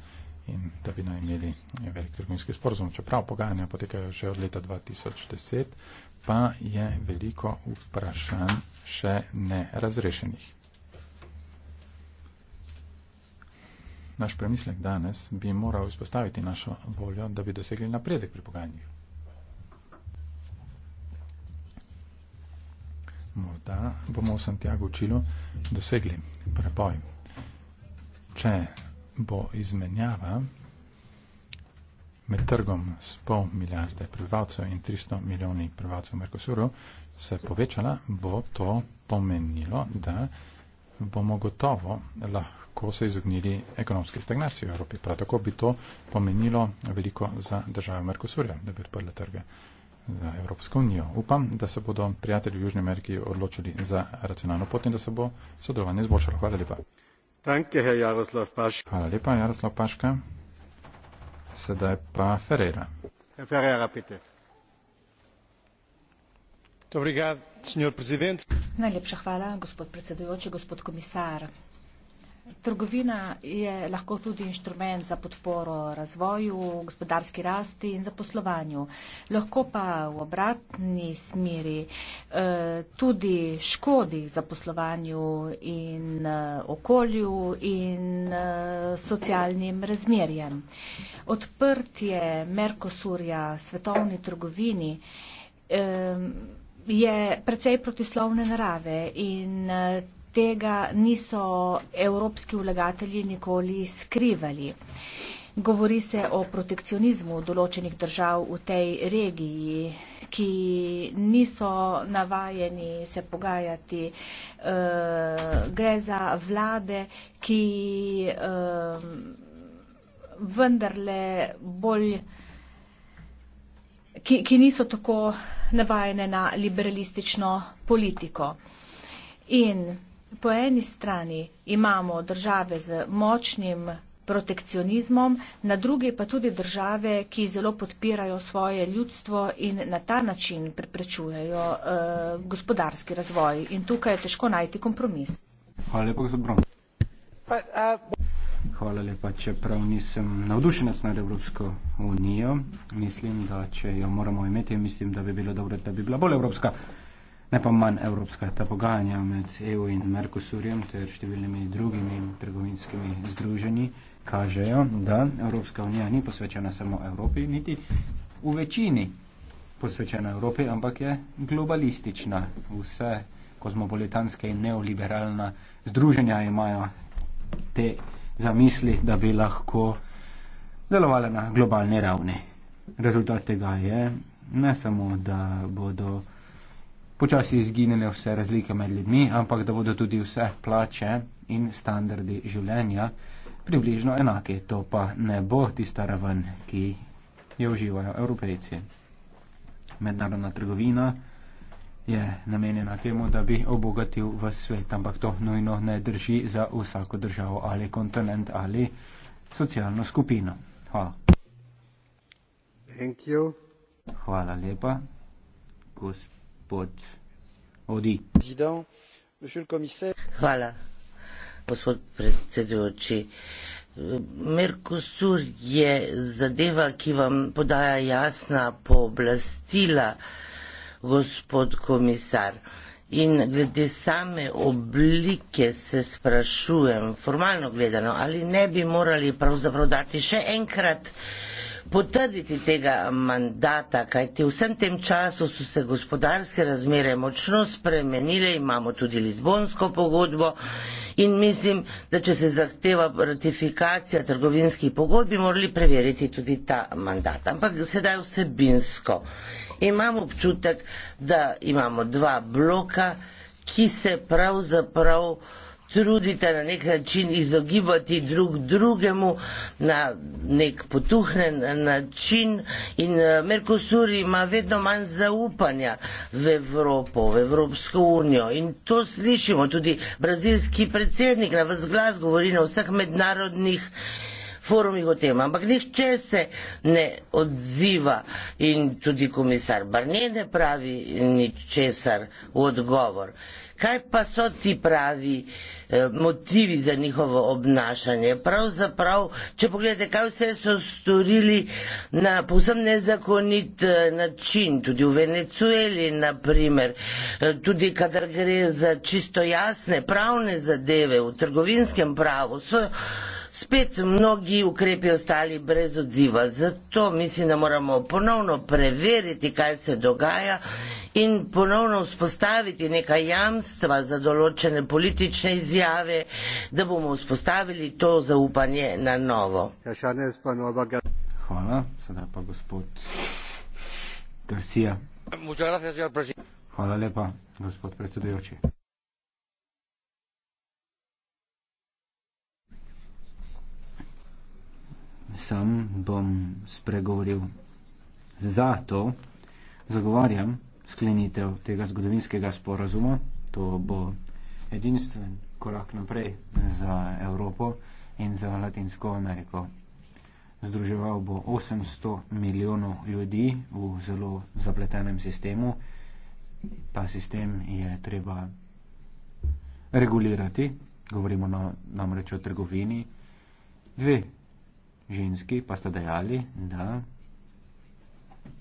in da bi naj imeli velik trgovinski sporozum. Čeprav pogajanja potekajo že od leta 2010, pa je veliko vprašanj še ne razrešenih. Naš premislek danes bi moral izpostaviti našo voljo, da bi dosegli napredek pri pogajanjih. Morda bomo v Santiago učilo dosegli preboj. Če bo izmenjava med trgom s pol milijarde prebivalcev in 300 milijoni prebivalcev Mercosuru se povečala, bo to pomenilo, da bomo gotovo lahko lahko se izognili ekonomski stagnaciji v Evropi. Prav tako bi to pomenilo veliko za države Merkosurja, da bi odprle trge za Evropsko unijo. Upam, da se bodo prijatelji v Južni Ameriki odločili za racionalno pot in da se bo sodelovanje zboljšalo. Hvala lepa. Danke, Hvala lepa, Jaroslav Paška. Sedaj pa Ferreira. Ferreira, pite. Dobrega, Najlepša hvala, gospod predsedujoči, gospod komisar. Trgovina je lahko tudi inštrument za podporo razvoju, gospodarski rasti in zaposlovanju. Lahko pa v obratni smeri eh, tudi škodi zaposlovanju in eh, okolju in eh, socialnim razmerjem. Odprtje Merkosurja svetovni trgovini je precej protislovne narave in tega niso evropski vlagatelji nikoli skrivali. Govori se o protekcionizmu določenih držav v tej regiji, ki niso navajeni se pogajati. E, gre za vlade, ki e, vendarle bolj, ki, ki niso tako navajene na liberalistično politiko. In po eni strani imamo države z močnim protekcionizmom, na drugi pa tudi države, ki zelo podpirajo svoje ljudstvo in na ta način preprečujejo uh, gospodarski razvoj. In tukaj je težko najti kompromis. Hvala lepa, gospod Brom. Hvala lepa, čeprav nisem navdušenec nad Evropsko unijo. Mislim, da če jo moramo imeti, mislim, da bi bilo dobro, da bi bila bolj evropska ne pa manj evropska ta pogajanja med EU in Mercosurjem ter številnimi drugimi trgovinskimi združenji kažejo, da Evropska unija ni posvečena samo Evropi, niti v večini posvečena Evropi, ampak je globalistična. Vse kozmopolitanske in neoliberalna združenja imajo te zamisli, da bi lahko delovala na globalni ravni. Rezultat tega je ne samo, da bodo počasi izginile vse razlike med ljudmi, ampak da bodo tudi vse plače in standardi življenja približno enake. To pa ne bo tista raven, ki jo uživajo evropejci. Mednarodna trgovina je namenjena temu, da bi obogatil v svet, ampak to nujno ne drži za vsako državo ali kontinent ali socialno skupino. Hvala. Thank you. Hvala lepa. Gospod gospod predsedujoči. Mercosur je zadeva, ki vam podaja jasna pooblastila, gospod komisar. In glede same oblike se sprašujem, formalno gledano, ali ne bi morali pravzaprav dati še enkrat potrditi tega mandata, kajti v vsem tem času so se gospodarske razmere močno spremenile, imamo tudi Lizbonsko pogodbo in mislim, da če se zahteva ratifikacija trgovinskih pogodb, bi morali preveriti tudi ta mandat. Ampak sedaj vsebinsko. Imam občutek, da imamo dva bloka, ki se pravzaprav prav trudite na nek način izogibati drug drugemu na nek potuhnen način in eh, Merkosur ima vedno manj zaupanja v Evropo, v Evropsko unijo in to slišimo tudi brazilski predsednik na vzglas govori na vseh mednarodnih forumih o tem, ampak nihče se ne odziva in tudi komisar Barnje ne pravi ničesar v odgovor. Kaj pa so ti pravi eh, motivi za njihovo obnašanje? Pravzaprav, če pogledate, kaj vse so storili na povsem nezakonit eh, način, tudi v Venecueli, naprimer, eh, tudi kadar gre za čisto jasne pravne zadeve v trgovinskem pravu, so spet mnogi ukrepi ostali brez odziva. Zato mislim, da moramo ponovno preveriti, kaj se dogaja in ponovno vzpostaviti neka jamstva za določene politične izjave, da bomo vzpostavili to zaupanje na novo. Hvala, sedaj pa gospod Garcia. Hvala lepa, gospod predsedujoči. sam bom spregovoril. Zato zagovarjam sklenitev tega zgodovinskega sporazuma. To bo edinstven korak naprej za Evropo in za Latinsko Ameriko. Združeval bo 800 milijonov ljudi v zelo zapletenem sistemu. Ta sistem je treba regulirati, govorimo na, namreč o trgovini. Dve ženski pa sta dejali, da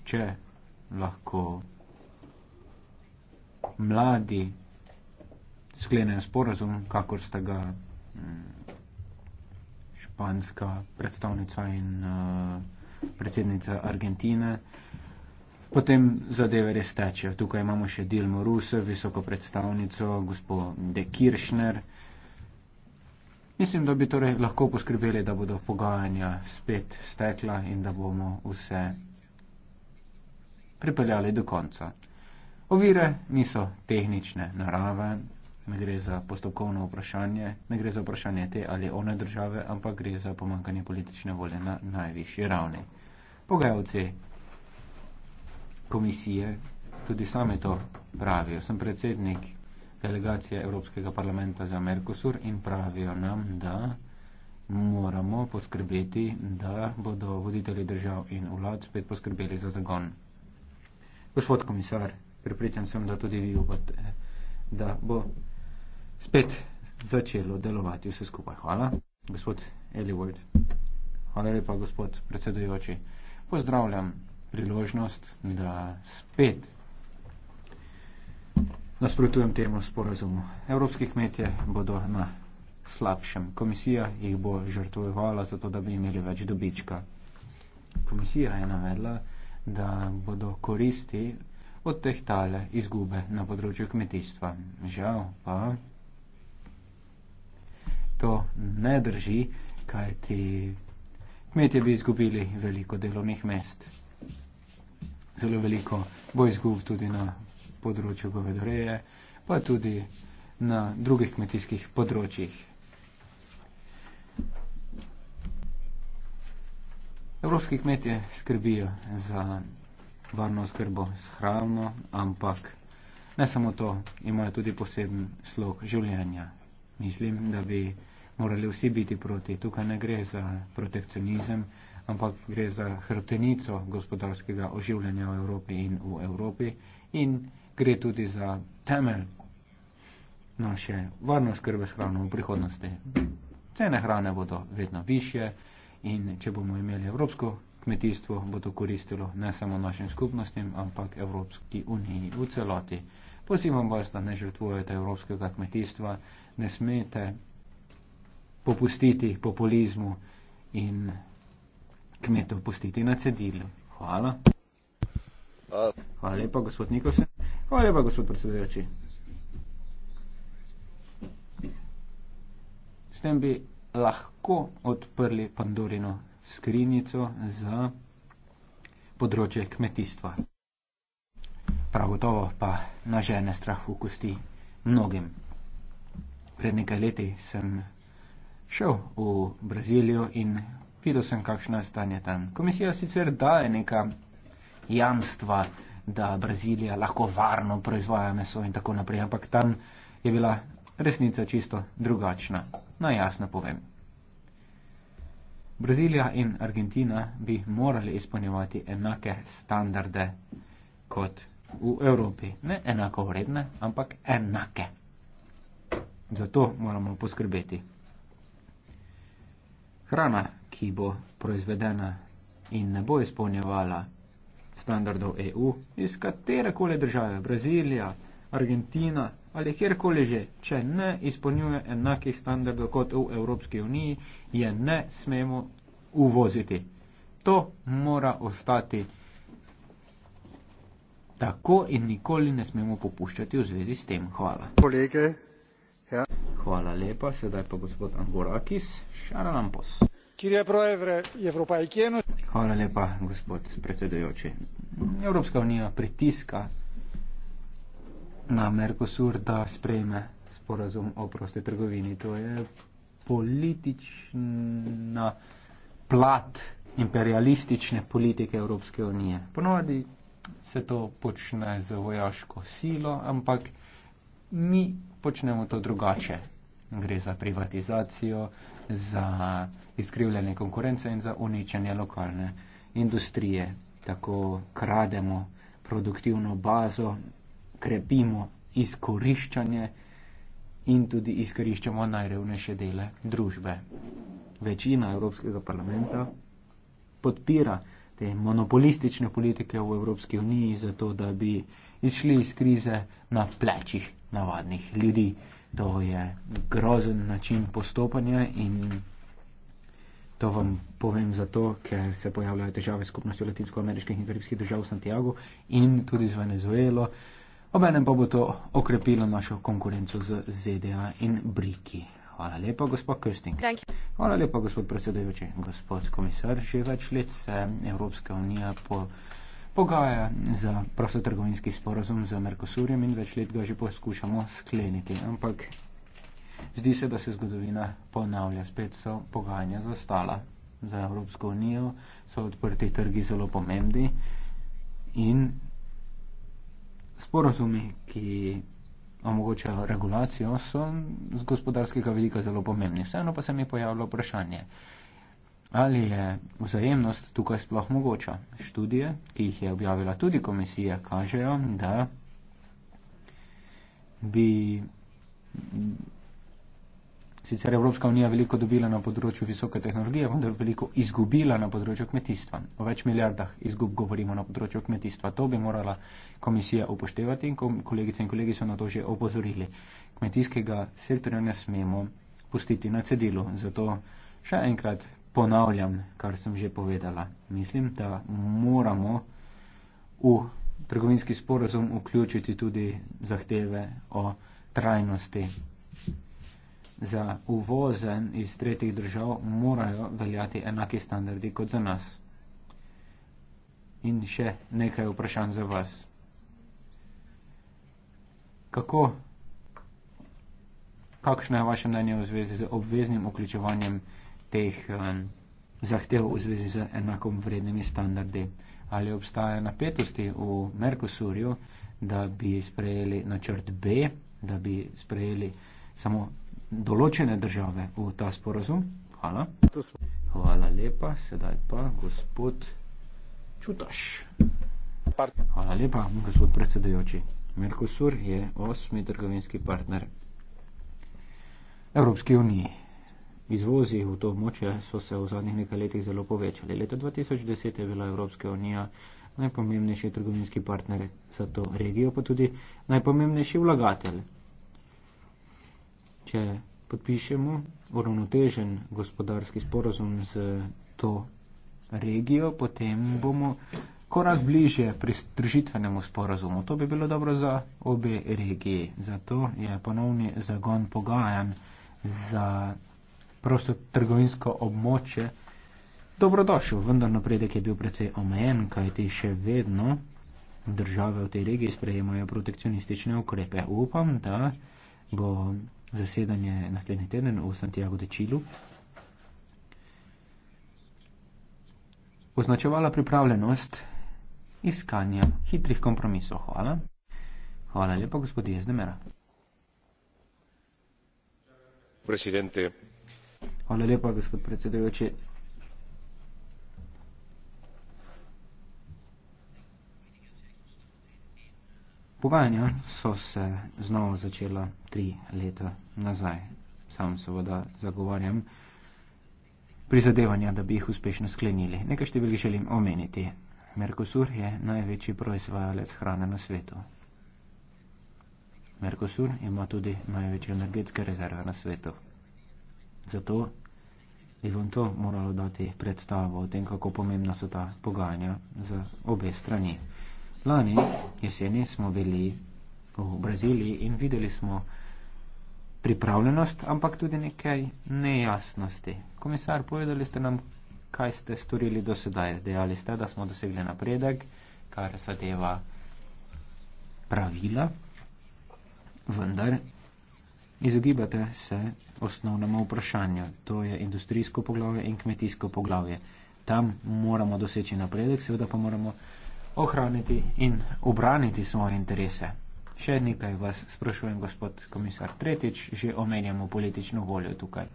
če lahko mladi sklenejo sporazum, kakor sta ga mm, španska predstavnica in uh, predsednica Argentine, potem zadeve res tečejo. Tukaj imamo še Dilmo Ruse, visoko predstavnico, gospod De Kiršner. Mislim, da bi torej lahko poskrbeli, da bodo pogajanja spet stekla in da bomo vse pripeljali do konca. Ovire niso tehnične narave, ne gre za postopkovno vprašanje, ne gre za vprašanje te ali one države, ampak gre za pomankanje politične volje na najvišji ravni. Pogajalci komisije tudi same to pravijo. Sem predsednik delegacije Evropskega parlamenta za Merkosur in pravijo nam, da moramo poskrbeti, da bodo voditelji držav in vlad spet poskrbeli za zagon. Gospod komisar, pripričan sem, da tudi vi upate, da bo spet začelo delovati vse skupaj. Hvala. Gospod Eliward. Hvala lepa, gospod predsedujoči. Pozdravljam priložnost, da spet nasprotujem temu sporazumu. Evropskih kmetje bodo na slabšem. Komisija jih bo žrtvovala za to, da bi imeli več dobička. Komisija je navedla, da bodo koristi od teh tale izgube na področju kmetijstva. Žal pa to ne drži, kaj ti kmetje bi izgubili veliko delovnih mest. Zelo veliko bo izgub tudi na področju govedoreje, pa tudi na drugih kmetijskih področjih. Evropski kmetje skrbijo za varno skrbo s hrano, ampak ne samo to, imajo tudi poseben slog življenja. Mislim, da bi morali vsi biti proti. Tukaj ne gre za protekcionizem, ampak gre za hrtenico gospodarskega oživljanja v Evropi in v Evropi in Evropi gre tudi za temelj naše varno skrbe s hrano v prihodnosti. Cene hrane bodo vedno više in če bomo imeli evropsko kmetijstvo, bo to koristilo ne samo našim skupnostim, ampak Evropski uniji v celoti. Pozivam vas, da ne žrtvujete evropskega kmetijstva, ne smete popustiti populizmu in kmetov pustiti na cedilu. Hvala. Hvala lepa, gospod Nikos. Hvala lepa, gospod predsedujoči. S tem bi lahko odprli Pandorino skrinjico za področje kmetijstva. Prav gotovo pa nažene strah v kosti mnogim. Pred nekaj leti sem šel v Brazilijo in videl sem, kakšno je stanje tam. Komisija sicer daje neka jamstva, da Brazilija lahko varno proizvaja meso in tako naprej, ampak tam je bila resnica čisto drugačna. Naj no, jasno povem. Brazilija in Argentina bi morali izpolnjevati enake standarde kot v Evropi. Ne enako vredne, ampak enake. Zato moramo poskrbeti. Hrana, ki bo proizvedena in ne bo izpolnjevala standardov EU, iz katere koli države, Brazilija, Argentina ali kjerkoli že, če ne izpolnjuje enakih standardov kot v Evropski uniji, je ne smemo uvoziti. To mora ostati tako in nikoli ne smemo popuščati v zvezi s tem. Hvala. Kolege, ja. Hvala lepa, sedaj pa gospod Angorakis, Šaralampos. Hvala lepa, gospod predsedujoči. Evropska unija pritiska na Mercosur, da sprejme sporazum o prosti trgovini. To je politična plat imperialistične politike Evropske unije. Ponovadi se to počne z vojaško silo, ampak mi počnemo to drugače. Gre za privatizacijo, za izkrivljanje konkurence in za uničenje lokalne industrije. Tako krademo produktivno bazo, krepimo izkoriščanje in tudi izkoriščamo najrevnejše dele družbe. Večina Evropskega parlamenta podpira te monopolistične politike v Evropski uniji zato, da bi izšli iz krize na plečih navadnih ljudi. To je grozen način postopanja in To vam povem zato, ker se pojavljajo težave s skupnostjo latinsko-ameriških in karibskih držav v Santiago in tudi z Venezuelo. Obenem pa bo to okrepilo našo konkurenco z ZDA in Briki. Hvala lepa, gospod Kösting. Hvala lepa, gospod predsedujoči. Gospod komisar, že več let se Evropska unija po, pogaja za prostotrgovinski sporazum z Merkosurjem in več let ga že poskušamo skleniti. Ampak Zdi se, da se zgodovina ponavlja. Spet so pogajanja zastala za Evropsko unijo, so odprti trgi zelo pomembni in sporozumi, ki omogočajo regulacijo, so z gospodarskega vidika zelo pomembni. Vseeno pa se mi pojavlja vprašanje, ali je vzajemnost tukaj sploh mogoča. Študije, ki jih je objavila tudi komisija, kažejo, da bi Sicer je Evropska unija veliko dobila na področju visoke tehnologije, vendar veliko izgubila na področju kmetijstva. O več milijardah izgub govorimo na področju kmetijstva. To bi morala komisija upoštevati in kolegice in kolegi so na to že opozorili. Kmetijskega sektorja ne smemo pustiti na cedilu. Zato še enkrat ponavljam, kar sem že povedala. Mislim, da moramo v trgovinski sporozum vključiti tudi zahteve o trajnosti. Thank you za uvozen iz tretjih držav morajo veljati enaki standardi kot za nas. In še nekaj vprašanj za vas. Kako, kakšno je vaše mnenje v zvezi z obveznim vključevanjem teh um, zahtev v zvezi z enakom vrednimi standardi? Ali obstaja napetosti v Merkosurju, da bi sprejeli načrt B, da bi sprejeli samo določene države v ta sporozum. Hvala. Hvala lepa, sedaj pa gospod Čutaš. Hvala lepa, gospod predsedajoči. Merkosur je osmi trgovinski partner Evropske unije. Izvozi v to območje so se v zadnjih nekaj letih zelo povečali. Leta 2010 je bila Evropska unija najpomembnejši trgovinski partner za to regijo, pa tudi najpomembnejši vlagatelj če podpišemo uravnotežen gospodarski sporozum z to regijo, potem bomo korak bližje pristružitvenemu sporozumu. To bi bilo dobro za obe regiji. Zato je ponovni zagon pogajan za prosto trgovinsko območje. Dobrodošel, vendar napredek je bil precej omejen, kajti še vedno države v tej regiji sprejemajo protekcionistične ukrepe. Upam, da bo zasedanje naslednji teden v Santiago de Chile. Označevala pripravljenost iskanja hitrih kompromisov. Hvala. Hvala lepa, gospod Jezdemera. Presidente. Hvala lepa, gospod predsedujoči. Pogajanja so se znova začela tri leta nazaj. Sam seveda zagovarjam prizadevanja, da bi jih uspešno sklenili. Nekaj številk želim omeniti. Mercosur je največji proizvajalec hrane na svetu. Mercosur ima tudi največje energetske rezerve na svetu. Zato bi vam to moralo dati predstavo o tem, kako pomembna so ta pogajanja za obe strani. Lani jeseni smo bili v Braziliji in videli smo pripravljenost, ampak tudi nekaj nejasnosti. Komisar, povedali ste nam, kaj ste storili do sedaj. Dejali ste, da smo dosegli napredek, kar zadeva pravila, vendar izogibate se osnovnemu vprašanju. To je industrijsko poglavje in kmetijsko poglavje. Tam moramo doseči napredek, seveda pa moramo ohraniti in obraniti svoje interese. Še nekaj vas sprašujem, gospod komisar. Tretjič, že omenjamo politično voljo tukaj.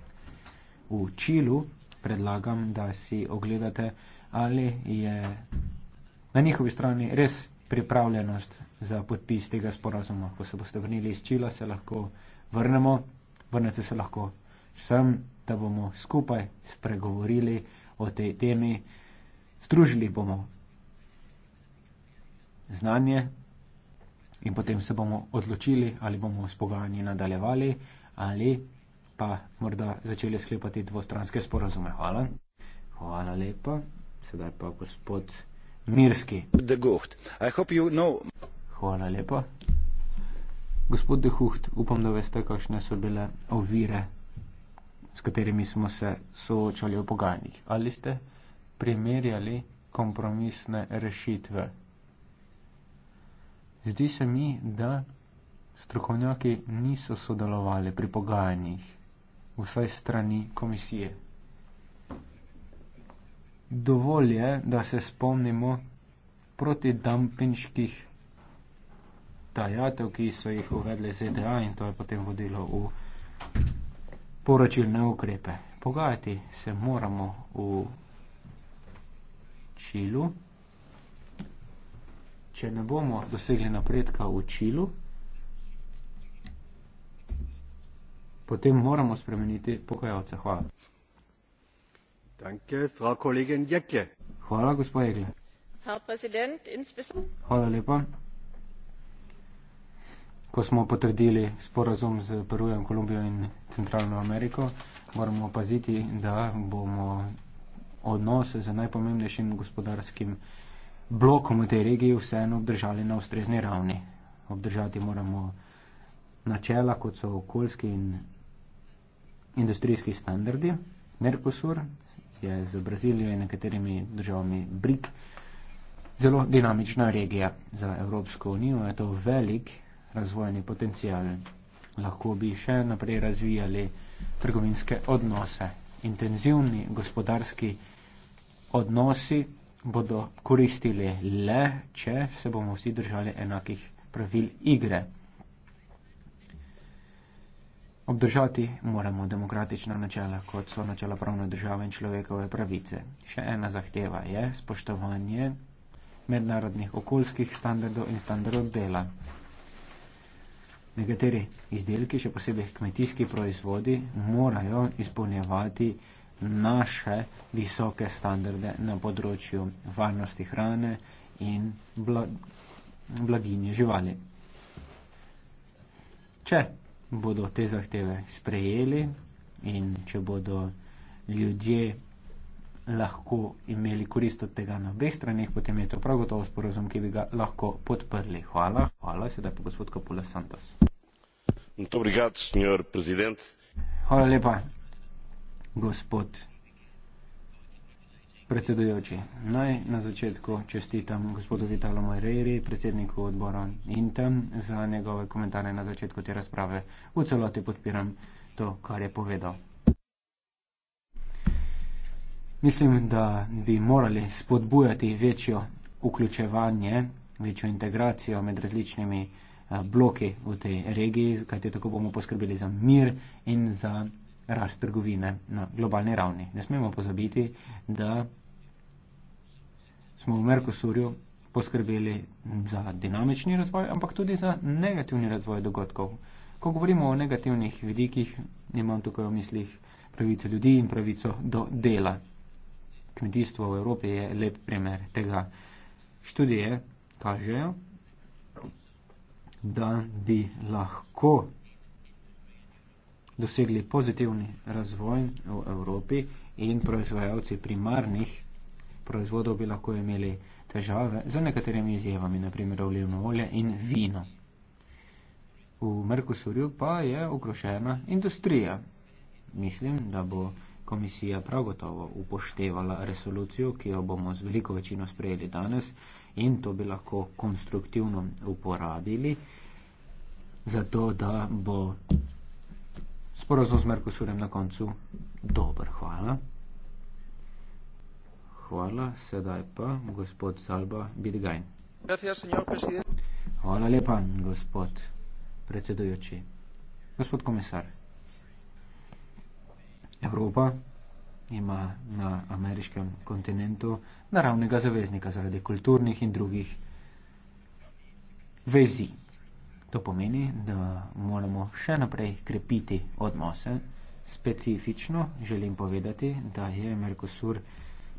V Čilu predlagam, da si ogledate, ali je na njihovi strani res pripravljenost za podpis tega sporazuma. Ko se boste vrnili iz Čila, se lahko vrnemo, vrnete se lahko sem, da bomo skupaj spregovorili o tej temi. Združili bomo znanje in potem se bomo odločili, ali bomo s pogajanji nadaljevali ali pa morda začeli sklepati dvostranske sporozume. Hvala. Hvala lepa. Sedaj pa gospod Mirski. You know... Hvala lepa. Gospod De Hucht, upam, da veste, kakšne so bile ovire, s katerimi smo se soočali v pogajanjih. Ali ste primerjali kompromisne rešitve? Zdi se mi, da strokovnjaki niso sodelovali pri pogajanjih, vsaj strani komisije. Dovolj je, da se spomnimo proti dumpinških dajatev, ki so jih uvedli ZDA in to je potem vodilo v poročilne ukrepe. Pogajati se moramo v Čilu če ne bomo dosegli napredka v učilu, potem moramo spremeniti pokojavce. Hvala. Danke, frau Kollegin Jekle. Hvala, gospod Jekle. Hvala lepa. Ko smo potrdili sporazum z Perujem, Kolumbijo in Centralno Ameriko, moramo paziti, da bomo odnos z najpomembnejšim gospodarskim blokom v tej regiji vseeno obdržali na ustrezni ravni. Obdržati moramo načela, kot so okoljski in industrijski standardi. Mercosur je z Brazilijo in nekaterimi državami BRIC. Zelo dinamična regija za Evropsko unijo je to velik razvojni potencial. Lahko bi še naprej razvijali trgovinske odnose. Intenzivni gospodarski odnosi bodo koristili le, če se bomo vsi držali enakih pravil igre. Obdržati moramo demokratična načela, kot so načela pravne države in človekove pravice. Še ena zahteva je spoštovanje mednarodnih okoljskih standardov in standardov dela. Nekateri izdelki, še posebej kmetijski proizvodi, morajo izpolnjevati naše visoke standarde na področju varnosti hrane in blaginje živali. Če bodo te zahteve sprejeli in če bodo ljudje lahko imeli korist od tega na obeh stranih, potem je to prav gotovo sporozum, ki bi ga lahko podprli. Hvala, hvala, sedaj pa gospod Kapula Santos. Hvala lepa gospod predsedujoči. Naj na začetku čestitam gospodu Vitalo Mojreri, predsedniku odbora Intem, za njegove komentare na začetku te razprave. V celoti podpiram to, kar je povedal. Mislim, da bi morali spodbujati večjo vključevanje, večjo integracijo med različnimi eh, bloki v tej regiji, kajti tako bomo poskrbeli za mir in za rast trgovine na globalni ravni. Ne smemo pozabiti, da smo v Merkosurju poskrbeli za dinamični razvoj, ampak tudi za negativni razvoj dogodkov. Ko govorimo o negativnih vidikih, imam tukaj v mislih pravico ljudi in pravico do dela. Kmetijstvo v Evropi je lep primer tega. Študije kažejo, da bi lahko dosegli pozitivni razvoj v Evropi in proizvajalci primarnih proizvodov bi lahko imeli težave z nekaterimi izjevami, naprimer olivno olje in vino. V Mercosurju pa je okrošena industrija. Mislim, da bo komisija prav gotovo upoštevala resolucijo, ki jo bomo z veliko večino sprejeli danes in to bi lahko konstruktivno uporabili, zato da bo sporozum z Merkosurjem na koncu dober. Hvala. Hvala. Sedaj pa gospod Salba Bidgajn. Hvala lepa, gospod predsedujoči. Gospod komisar, Evropa ima na ameriškem kontinentu naravnega zaveznika zaradi kulturnih in drugih vezi. To pomeni, da moramo še naprej krepiti odnose. Specifično želim povedati, da je Mercosur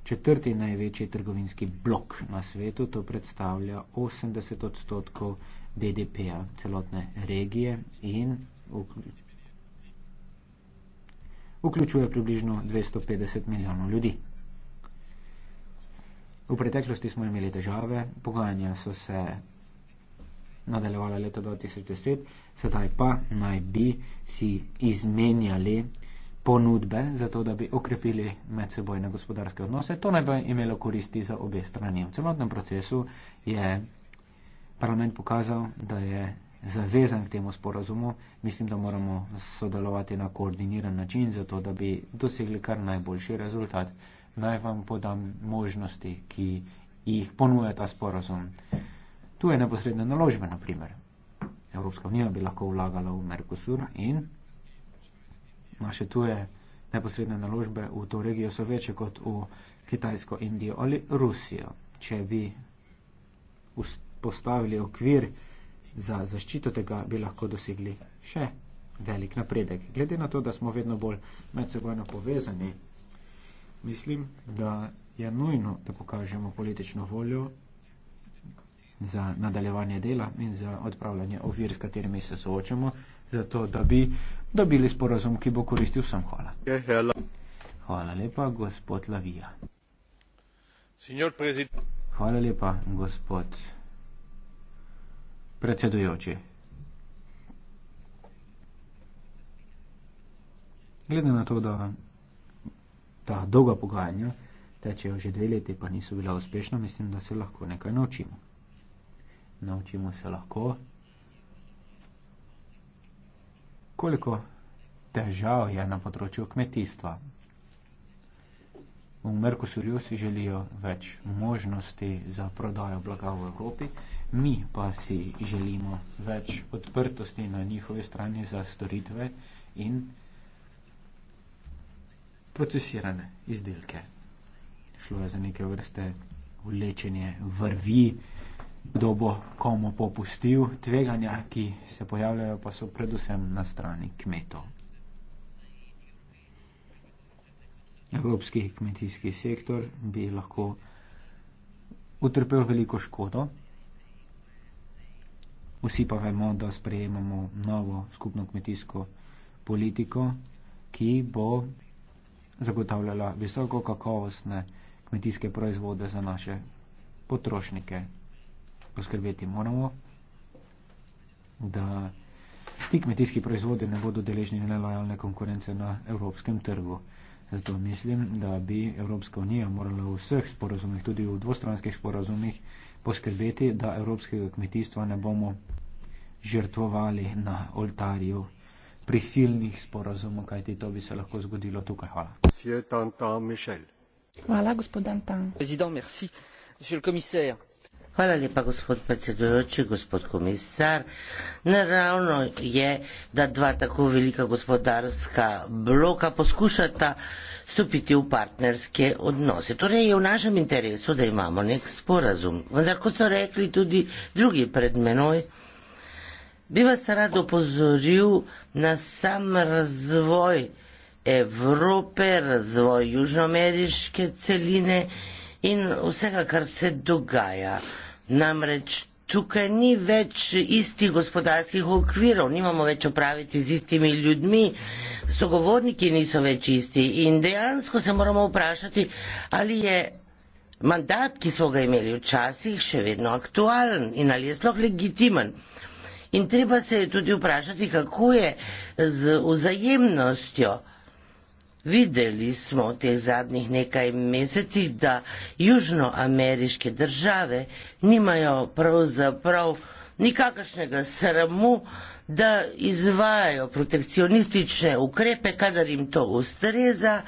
četrti največji trgovinski blok na svetu. To predstavlja 80 odstotkov BDP-a celotne regije in vključuje približno 250 milijonov ljudi. V preteklosti smo imeli težave, pogajanja so se nadaljevala leta 2010, sedaj pa naj bi si izmenjali ponudbe za to, da bi okrepili medsebojne gospodarske odnose. To naj bi imelo koristi za obe strani. V celotnem procesu je parlament pokazal, da je zavezan k temu sporazumu. Mislim, da moramo sodelovati na koordiniran način, zato da bi dosegli kar najboljši rezultat. Naj vam podam možnosti, ki jih ponuja ta sporazum. Uh, Tu je neposredna naložba, naprimer. Evropska unija bi lahko vlagala v Merkosur in naše tuje neposredne naložbe v to regijo so večje kot v Kitajsko, Indijo ali Rusijo. Če bi postavili okvir za zaščito tega, bi lahko dosegli še velik napredek. Glede na to, da smo vedno bolj medsebojno povezani, mislim, da je nujno, da pokažemo politično voljo za nadaljevanje dela in za odpravljanje ovir, s katerimi se soočamo, zato da bi dobili sporozum, ki bo koristil vsem. Hvala. Ja, hvala lepa, gospod Lavija. Hvala lepa, gospod predsedujoči. Glede na to, da ta dolga pogajanja tečejo že dve leti, pa niso bila uspešna, mislim, da se lahko nekaj naučimo naučimo se lahko, koliko težav je na področju kmetijstva. V Mercosurju si želijo več možnosti za prodajo blaga v Evropi, mi pa si želimo več odprtosti na njihovi strani za storitve in procesirane izdelke. Šlo je za neke vrste vlečenje vrvi, kdo bo komu popustil. Tveganja, ki se pojavljajo, pa so predvsem na strani kmetov. Evropski kmetijski sektor bi lahko utrpel veliko škodo. Vsi pa vemo, da sprejemamo novo skupno kmetijsko politiko, ki bo zagotavljala visoko kakovostne kmetijske proizvode za naše potrošnike poskrbeti moramo, da ti kmetijski proizvodi ne bodo deležni nelojalne konkurence na evropskem trgu. Zato mislim, da bi Evropska unija morala v vseh sporozumih, tudi v dvostranskih sporozumih, poskrbeti, da evropskega kmetijstva ne bomo žrtvovali na oltarju prisilnih sporozumov, kajti to bi se lahko zgodilo tukaj. Hvala. Hvala, gospod Antan. Prezident, merci, monsieur le commissaire. Hvala lepa, gospod predsedujoči, gospod komisar. Naravno je, da dva tako velika gospodarska bloka poskušata stopiti v partnerske odnose. Torej je v našem interesu, da imamo nek sporazum. Vendar, kot so rekli tudi drugi pred menoj, bi vas rad opozoril na sam razvoj Evrope, razvoj južnoameriške celine in vsega, kar se dogaja. Namreč tukaj ni več istih gospodarskih okvirov, nimamo več opraviti z istimi ljudmi, sogovorniki niso več isti in dejansko se moramo vprašati, ali je mandat, ki smo ga imeli včasih, še vedno aktualen in ali je sploh legitimen. In treba se je tudi vprašati, kako je z vzajemnostjo. Videli smo v teh zadnjih nekaj mesecih, da južnoameriške države nimajo pravzaprav nikakršnega sramu, da izvajajo protekcionistične ukrepe, kadar jim to ustreza.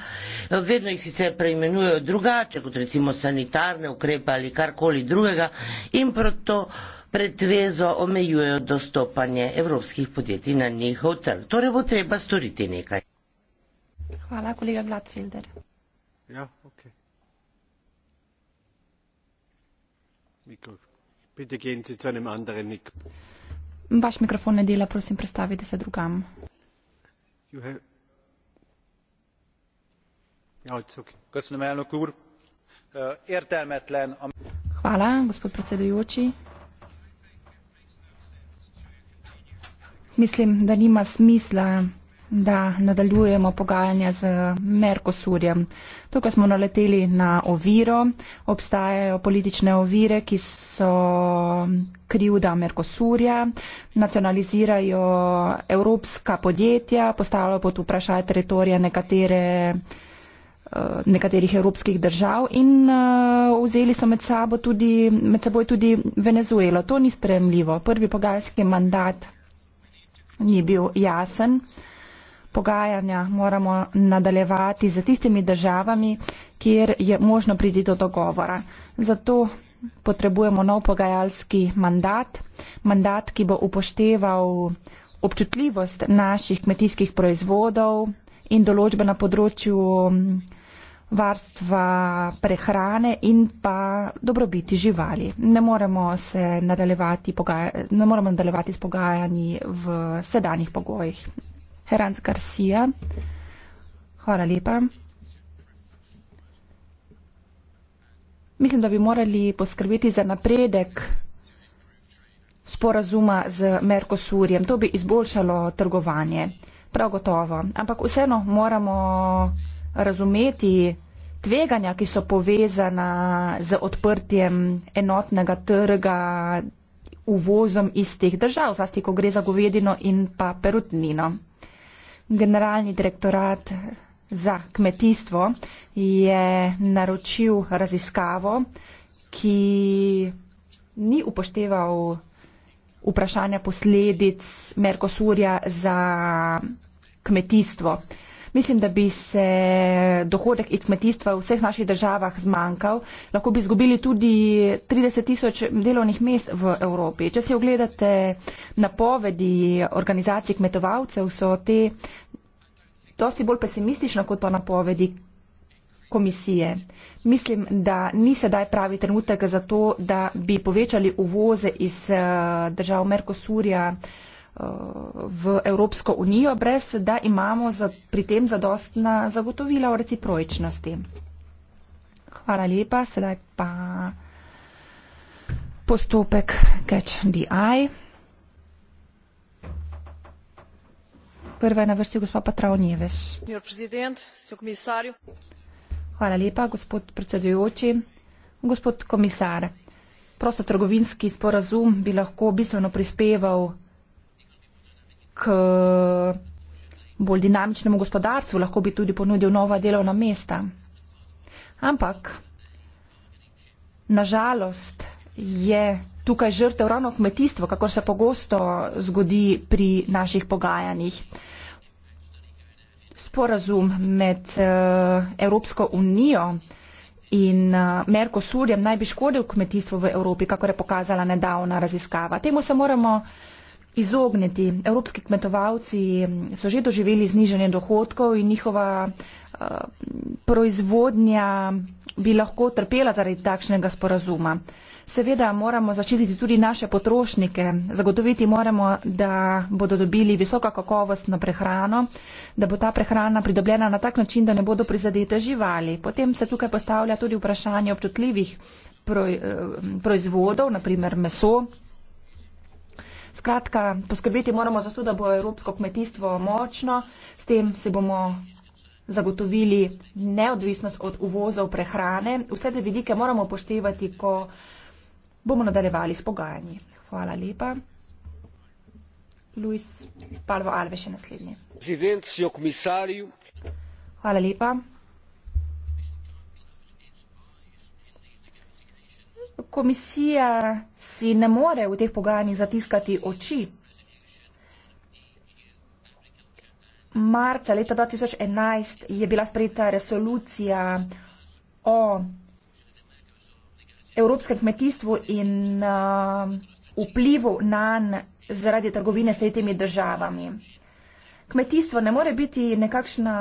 Vedno jih sicer preimenujejo drugače, kot recimo sanitarne ukrepe ali karkoli drugega in proto pretvezo omejujejo dostopanje evropskih podjetij na njihov trg. Torej bo treba storiti nekaj. Hvala, kolega Blatfelder. Ja, ok. Mikro. Bitte gehen Sie zu einem anderen Mik. Vaš mikrofon ne dela, prosim, predstavite se drugam. Have... Ja, okay. Ertelmetlen... Hvala, gospod predsedujoči. Mislim, da nima smisla da nadaljujemo pogajanja z Merkosurjem. Tukaj smo naleteli na oviro, obstajajo politične ovire, ki so krivda Merkosurja, nacionalizirajo evropska podjetja, postavljajo pod vprašaj teritorija nekatere eh, nekaterih evropskih držav in uh, vzeli so med, sabo tudi, med seboj tudi Venezuelo. To ni spremljivo. Prvi pogajalski mandat ni bil jasen. Uh, pogajanja moramo nadaljevati z tistimi državami, kjer je možno priti do dogovora. Zato potrebujemo nov pogajalski mandat, mandat, ki bo upošteval občutljivost naših kmetijskih proizvodov in določbe na področju mm, varstva prehrane in pa dobrobiti živali. Ne moremo, se nadaljevati, ne moremo nadaljevati s pogajanji v sedanjih pogojih. Herant Garcia. Hvala lepa. Mislim, da bi morali poskrbeti za napredek sporazuma z Merkosurjem. To bi izboljšalo trgovanje. Prav gotovo. Ampak vseeno moramo razumeti tveganja, ki so povezana z odprtjem enotnega trga, uvozom iz teh držav, zlasti ko gre za govedino in pa perutnino. Generalni direktorat za kmetijstvo je naročil raziskavo, ki ni upošteval vprašanja posledic Merkosurja za kmetijstvo mislim, da bi se dohodek iz kmetijstva v vseh naših državah zmanjkal, lahko bi izgubili tudi 30 tisoč delovnih mest v Evropi. Če si ogledate napovedi organizacij kmetovalcev, so te dosti bolj pesimistične kot pa napovedi komisije. Mislim, da ni sedaj pravi trenutek za to, da bi povečali uvoze iz eh, držav Merkosurja. Uh, v Evropsko unijo, brez da imamo za, pri tem zadostna zagotovila o recipročnosti. Hvala lepa, sedaj pa postopek Catch the Eye. Prva je na vrsti gospod Patrav Njeveš. Hvala lepa, gospod predsedujoči. Gospod komisar, prostotrgovinski sporazum bi lahko bistveno prispeval k bolj dinamičnemu gospodarstvu, lahko bi tudi ponudil nova delovna mesta. Ampak, nažalost, je tukaj žrtev ravno kmetijstvo, kako se pogosto zgodi pri naših pogajanjih. Sporazum med eh, Evropsko unijo in eh, Merkosurjem naj bi škodil kmetijstvo v Evropi, kako je pokazala nedavna raziskava. Temu se moramo izogniti. Evropski kmetovalci so že doživeli zniženje dohodkov in njihova eh, proizvodnja bi lahko trpela zaradi takšnega sporazuma. Seveda moramo zaščititi tudi naše potrošnike, zagotoviti moramo, da bodo dobili visoka kakovostno prehrano, da bo ta prehrana pridobljena na tak način, da ne bodo prizadete živali. Potem se tukaj postavlja tudi vprašanje občutljivih eh, proizvodov, naprimer meso, Skratka, poskrbeti moramo za to, da bo evropsko kmetijstvo močno, s tem se bomo zagotovili neodvisnost od uvozov prehrane. Vse te vidike moramo poštevati, ko bomo nadaljevali s pogajanji. Hvala lepa. Luis Palvo Alves je naslednji. Hvala lepa. komisija si ne more v teh pogajanjih zatiskati oči. Marca leta 2011 je bila sprejeta resolucija o evropskem kmetijstvu in uh, vplivu nanj zaradi trgovine s tretjimi državami kmetijstvo ne more biti nekakšna,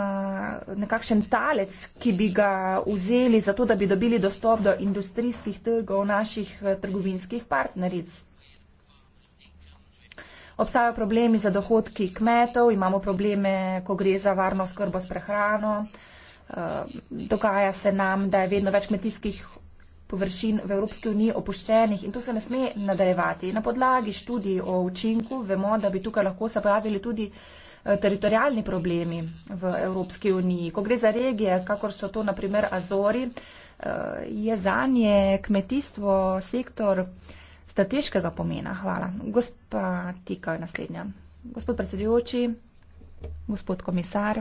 nekakšen talec, ki bi ga vzeli za to, da bi dobili dostop do industrijskih trgov naših eh, trgovinskih partneric. Obstajajo problemi za dohodki kmetov, imamo probleme, ko gre za varno skrbo s prehrano. Eh, dogaja se nam, da je vedno več kmetijskih površin v Evropski uniji opuščenih in to se ne sme nadaljevati. Na podlagi študij o učinku vemo, da bi tukaj lahko se pojavili tudi uh, Eh, teritorijalni problemi v Evropski uniji. Ko gre za regije, kakor so to naprimer Azori, eh, je za nje kmetijstvo sektor strateškega pomena. Hvala. Gospa Tika je naslednja. Gospod predsedujoči, gospod komisar.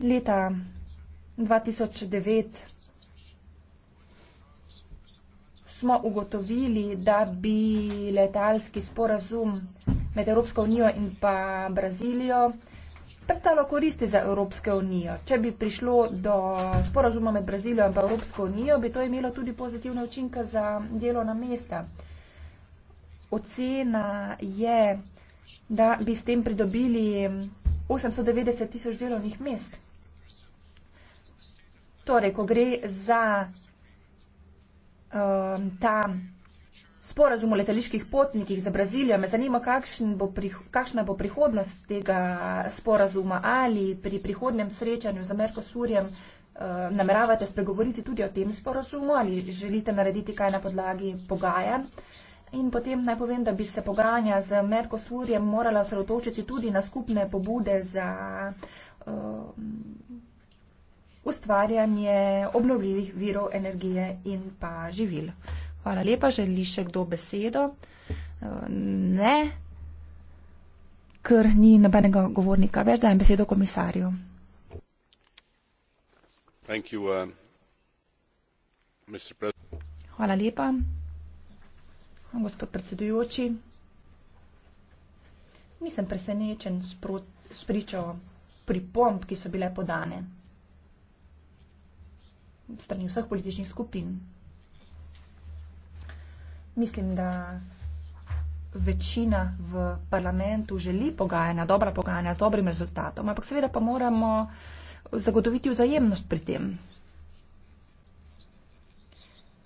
Leta 2009 smo ugotovili, da bi letalski sporazum med Evropsko unijo in pa Brazilijo predstavljal koristi za Evropsko unijo. Če bi prišlo do sporazuma med Brazilijo in pa Evropsko unijo, bi to imelo tudi pozitivne učinke za delovna mesta. Ocena je, da bi s tem pridobili 890 tisoč delovnih mest. Torej, ko gre za Um, ta sporazum o letaliških potnikih za Brazilijo. Me zanima, bo kakšna bo prihodnost tega sporazuma ali pri prihodnem srečanju z Merkosurjem um, nameravate spregovoriti tudi o tem sporazumu ali želite narediti kaj na podlagi pogajanj. In potem naj povem, da bi se pogajanja z Merkosurjem morala osredotočiti tudi na skupne pobude za. Uh, ustvarjanje obnovljivih virov energije in pa živil. Hvala lepa, želi še kdo besedo? Eh, ne, ker ni nobenega govornika. Več dajem besedo komisarju. Thank you, uh, Mr. Hvala lepa, gospod predsedujoči. Nisem presenečen s pričo pripomb, ki so bile podane strani vseh političnih skupin. Mislim, da večina v parlamentu želi pogajanja, dobra pogajanja z dobrim rezultatom, ampak seveda pa moramo zagotoviti vzajemnost pri tem.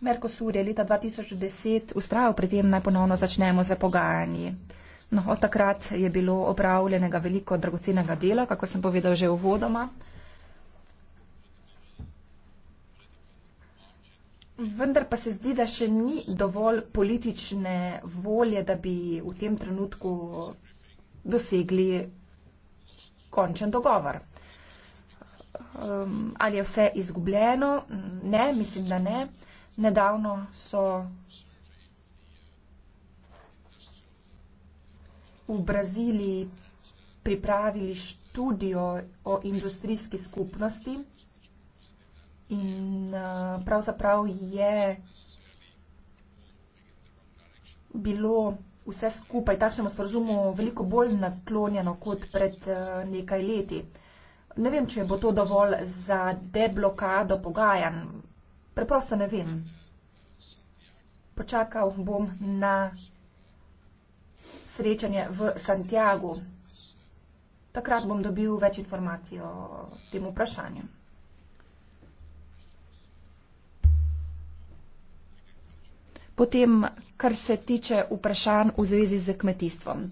Merkosur je leta 2010 ustrajal pri tem, naj ponovno začnemo za pogajanji. No, od takrat je bilo opravljenega veliko dragocenega dela, kako sem povedal že uvodoma. vodoma. Vendar pa se zdi, da še ni dovolj politične volje, da bi v tem trenutku dosegli končen dogovor. Um, ali je vse izgubljeno? Ne, mislim, da ne. Nedavno so v Braziliji pripravili študijo o industrijski skupnosti. In uh, pravzaprav je bilo vse skupaj takšnemu sporazumu veliko bolj naklonjeno kot pred uh, nekaj leti. Ne vem, če bo to dovolj za deblokado pogajanj. Preprosto ne vem. Počakal bom na srečanje v Santiago. Takrat bom dobil več informacij o tem vprašanju. Potem, kar se tiče vprašanj v zvezi z kmetijstvom.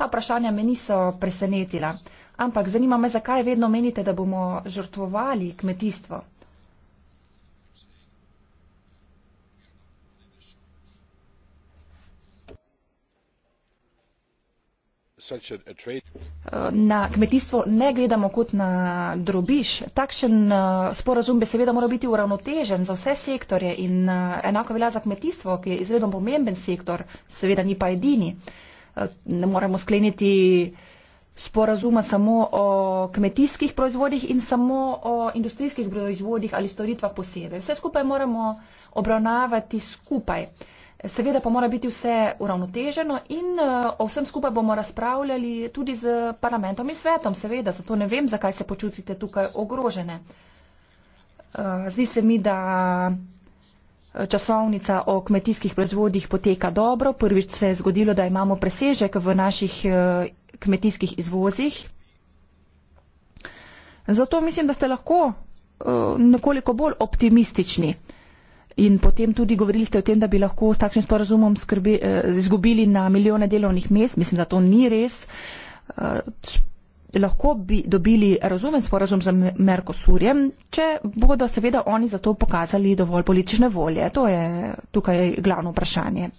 Ta vprašanja me niso presenetila, ampak zanima me, zakaj vedno menite, da bomo žrtvovali kmetijstvo? Na kmetijstvo ne gledamo kot na drobiš. Takšen eh, sporazum bi seveda moral biti uravnotežen za vse sektorje in eh, enako velja za kmetijstvo, ki je izredno pomemben sektor, seveda ni pa edini. Eh, ne moremo skleniti sporazuma samo o kmetijskih proizvodih in samo o industrijskih proizvodih ali storitvah posebej. Vse skupaj moramo obravnavati skupaj. Seveda pa mora biti vse uravnoteženo in eh, o vsem skupaj bomo razpravljali tudi z parlamentom in svetom, seveda, zato ne vem, zakaj se počutite tukaj ogrožene. Eh, zdi se mi, da eh, časovnica o kmetijskih proizvodih poteka dobro. Prvič se je zgodilo, da imamo presežek v naših kmetijskih izvozih. Zato mislim, da ste lahko nekoliko bolj optimistični in potem tudi govorili ste o tem, da bi lahko s takšnim sporazumom skrbi, eh, izgubili na milijone delovnih mest. Mislim, da to ni res. Eh, lahko bi dobili razumen sporazum z Merkosurjem, če bodo seveda oni za to pokazali dovolj politične volje. To je tukaj glavno vprašanje.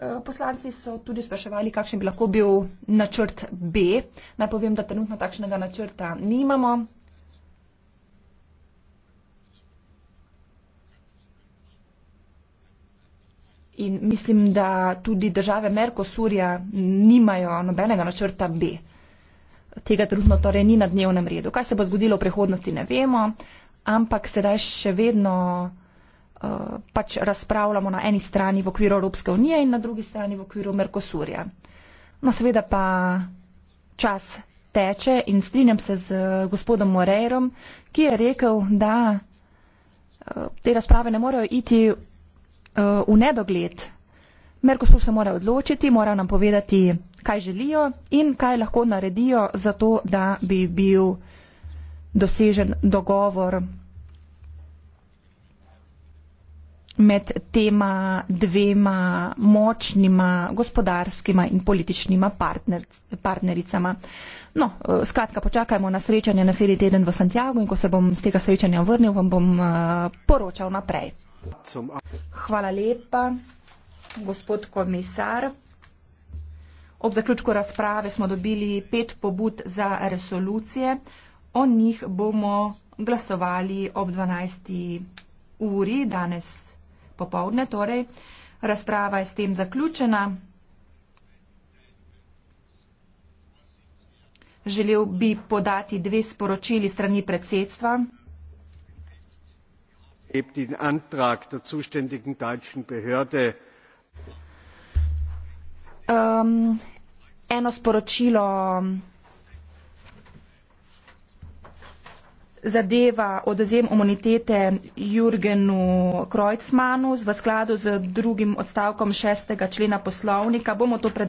Eh, poslanci so tudi spraševali, kakšen bi lahko bil načrt B. Naj povem, da trenutno takšnega načrta nimamo. in mislim, da tudi države Merkosurja nimajo nobenega načrta B. Tega trudno torej ni na dnevnem redu. Kaj se bo zgodilo v prihodnosti, ne vemo, ampak sedaj še vedno uh, pač razpravljamo na eni strani v okviru Evropske unije in na drugi strani v okviru Merkosurja. No, seveda pa čas teče in strinjam se z gospodom Moreirom, ki je rekel, da uh, te razprave ne morejo iti uh, v nedogled. Merkosur se mora odločiti, mora nam povedati, kaj želijo in kaj lahko naredijo za to, da bi bil dosežen dogovor med tema dvema močnima gospodarskima in političnima partner, partnericama. No, eh, skratka, počakajmo na srečanje naslednji teden v Santiago in ko se bom z tega srečanja vrnil, vam bom eh, poročal naprej. Hvala lepa, gospod komisar. Ob zaključku razprave smo dobili pet pobud za resolucije. O njih bomo glasovali ob 12. uri danes popovdne. Torej, razprava je s tem zaključena. Želel bi podati dve sporočili strani predsedstva hebt den antrag der zuständigen deutschen behörde um, um, zadeva odvzem imunitete Jürgenu Kreuzmannu v skladu z drugim odstavkom šestega člena poslovnika bomo to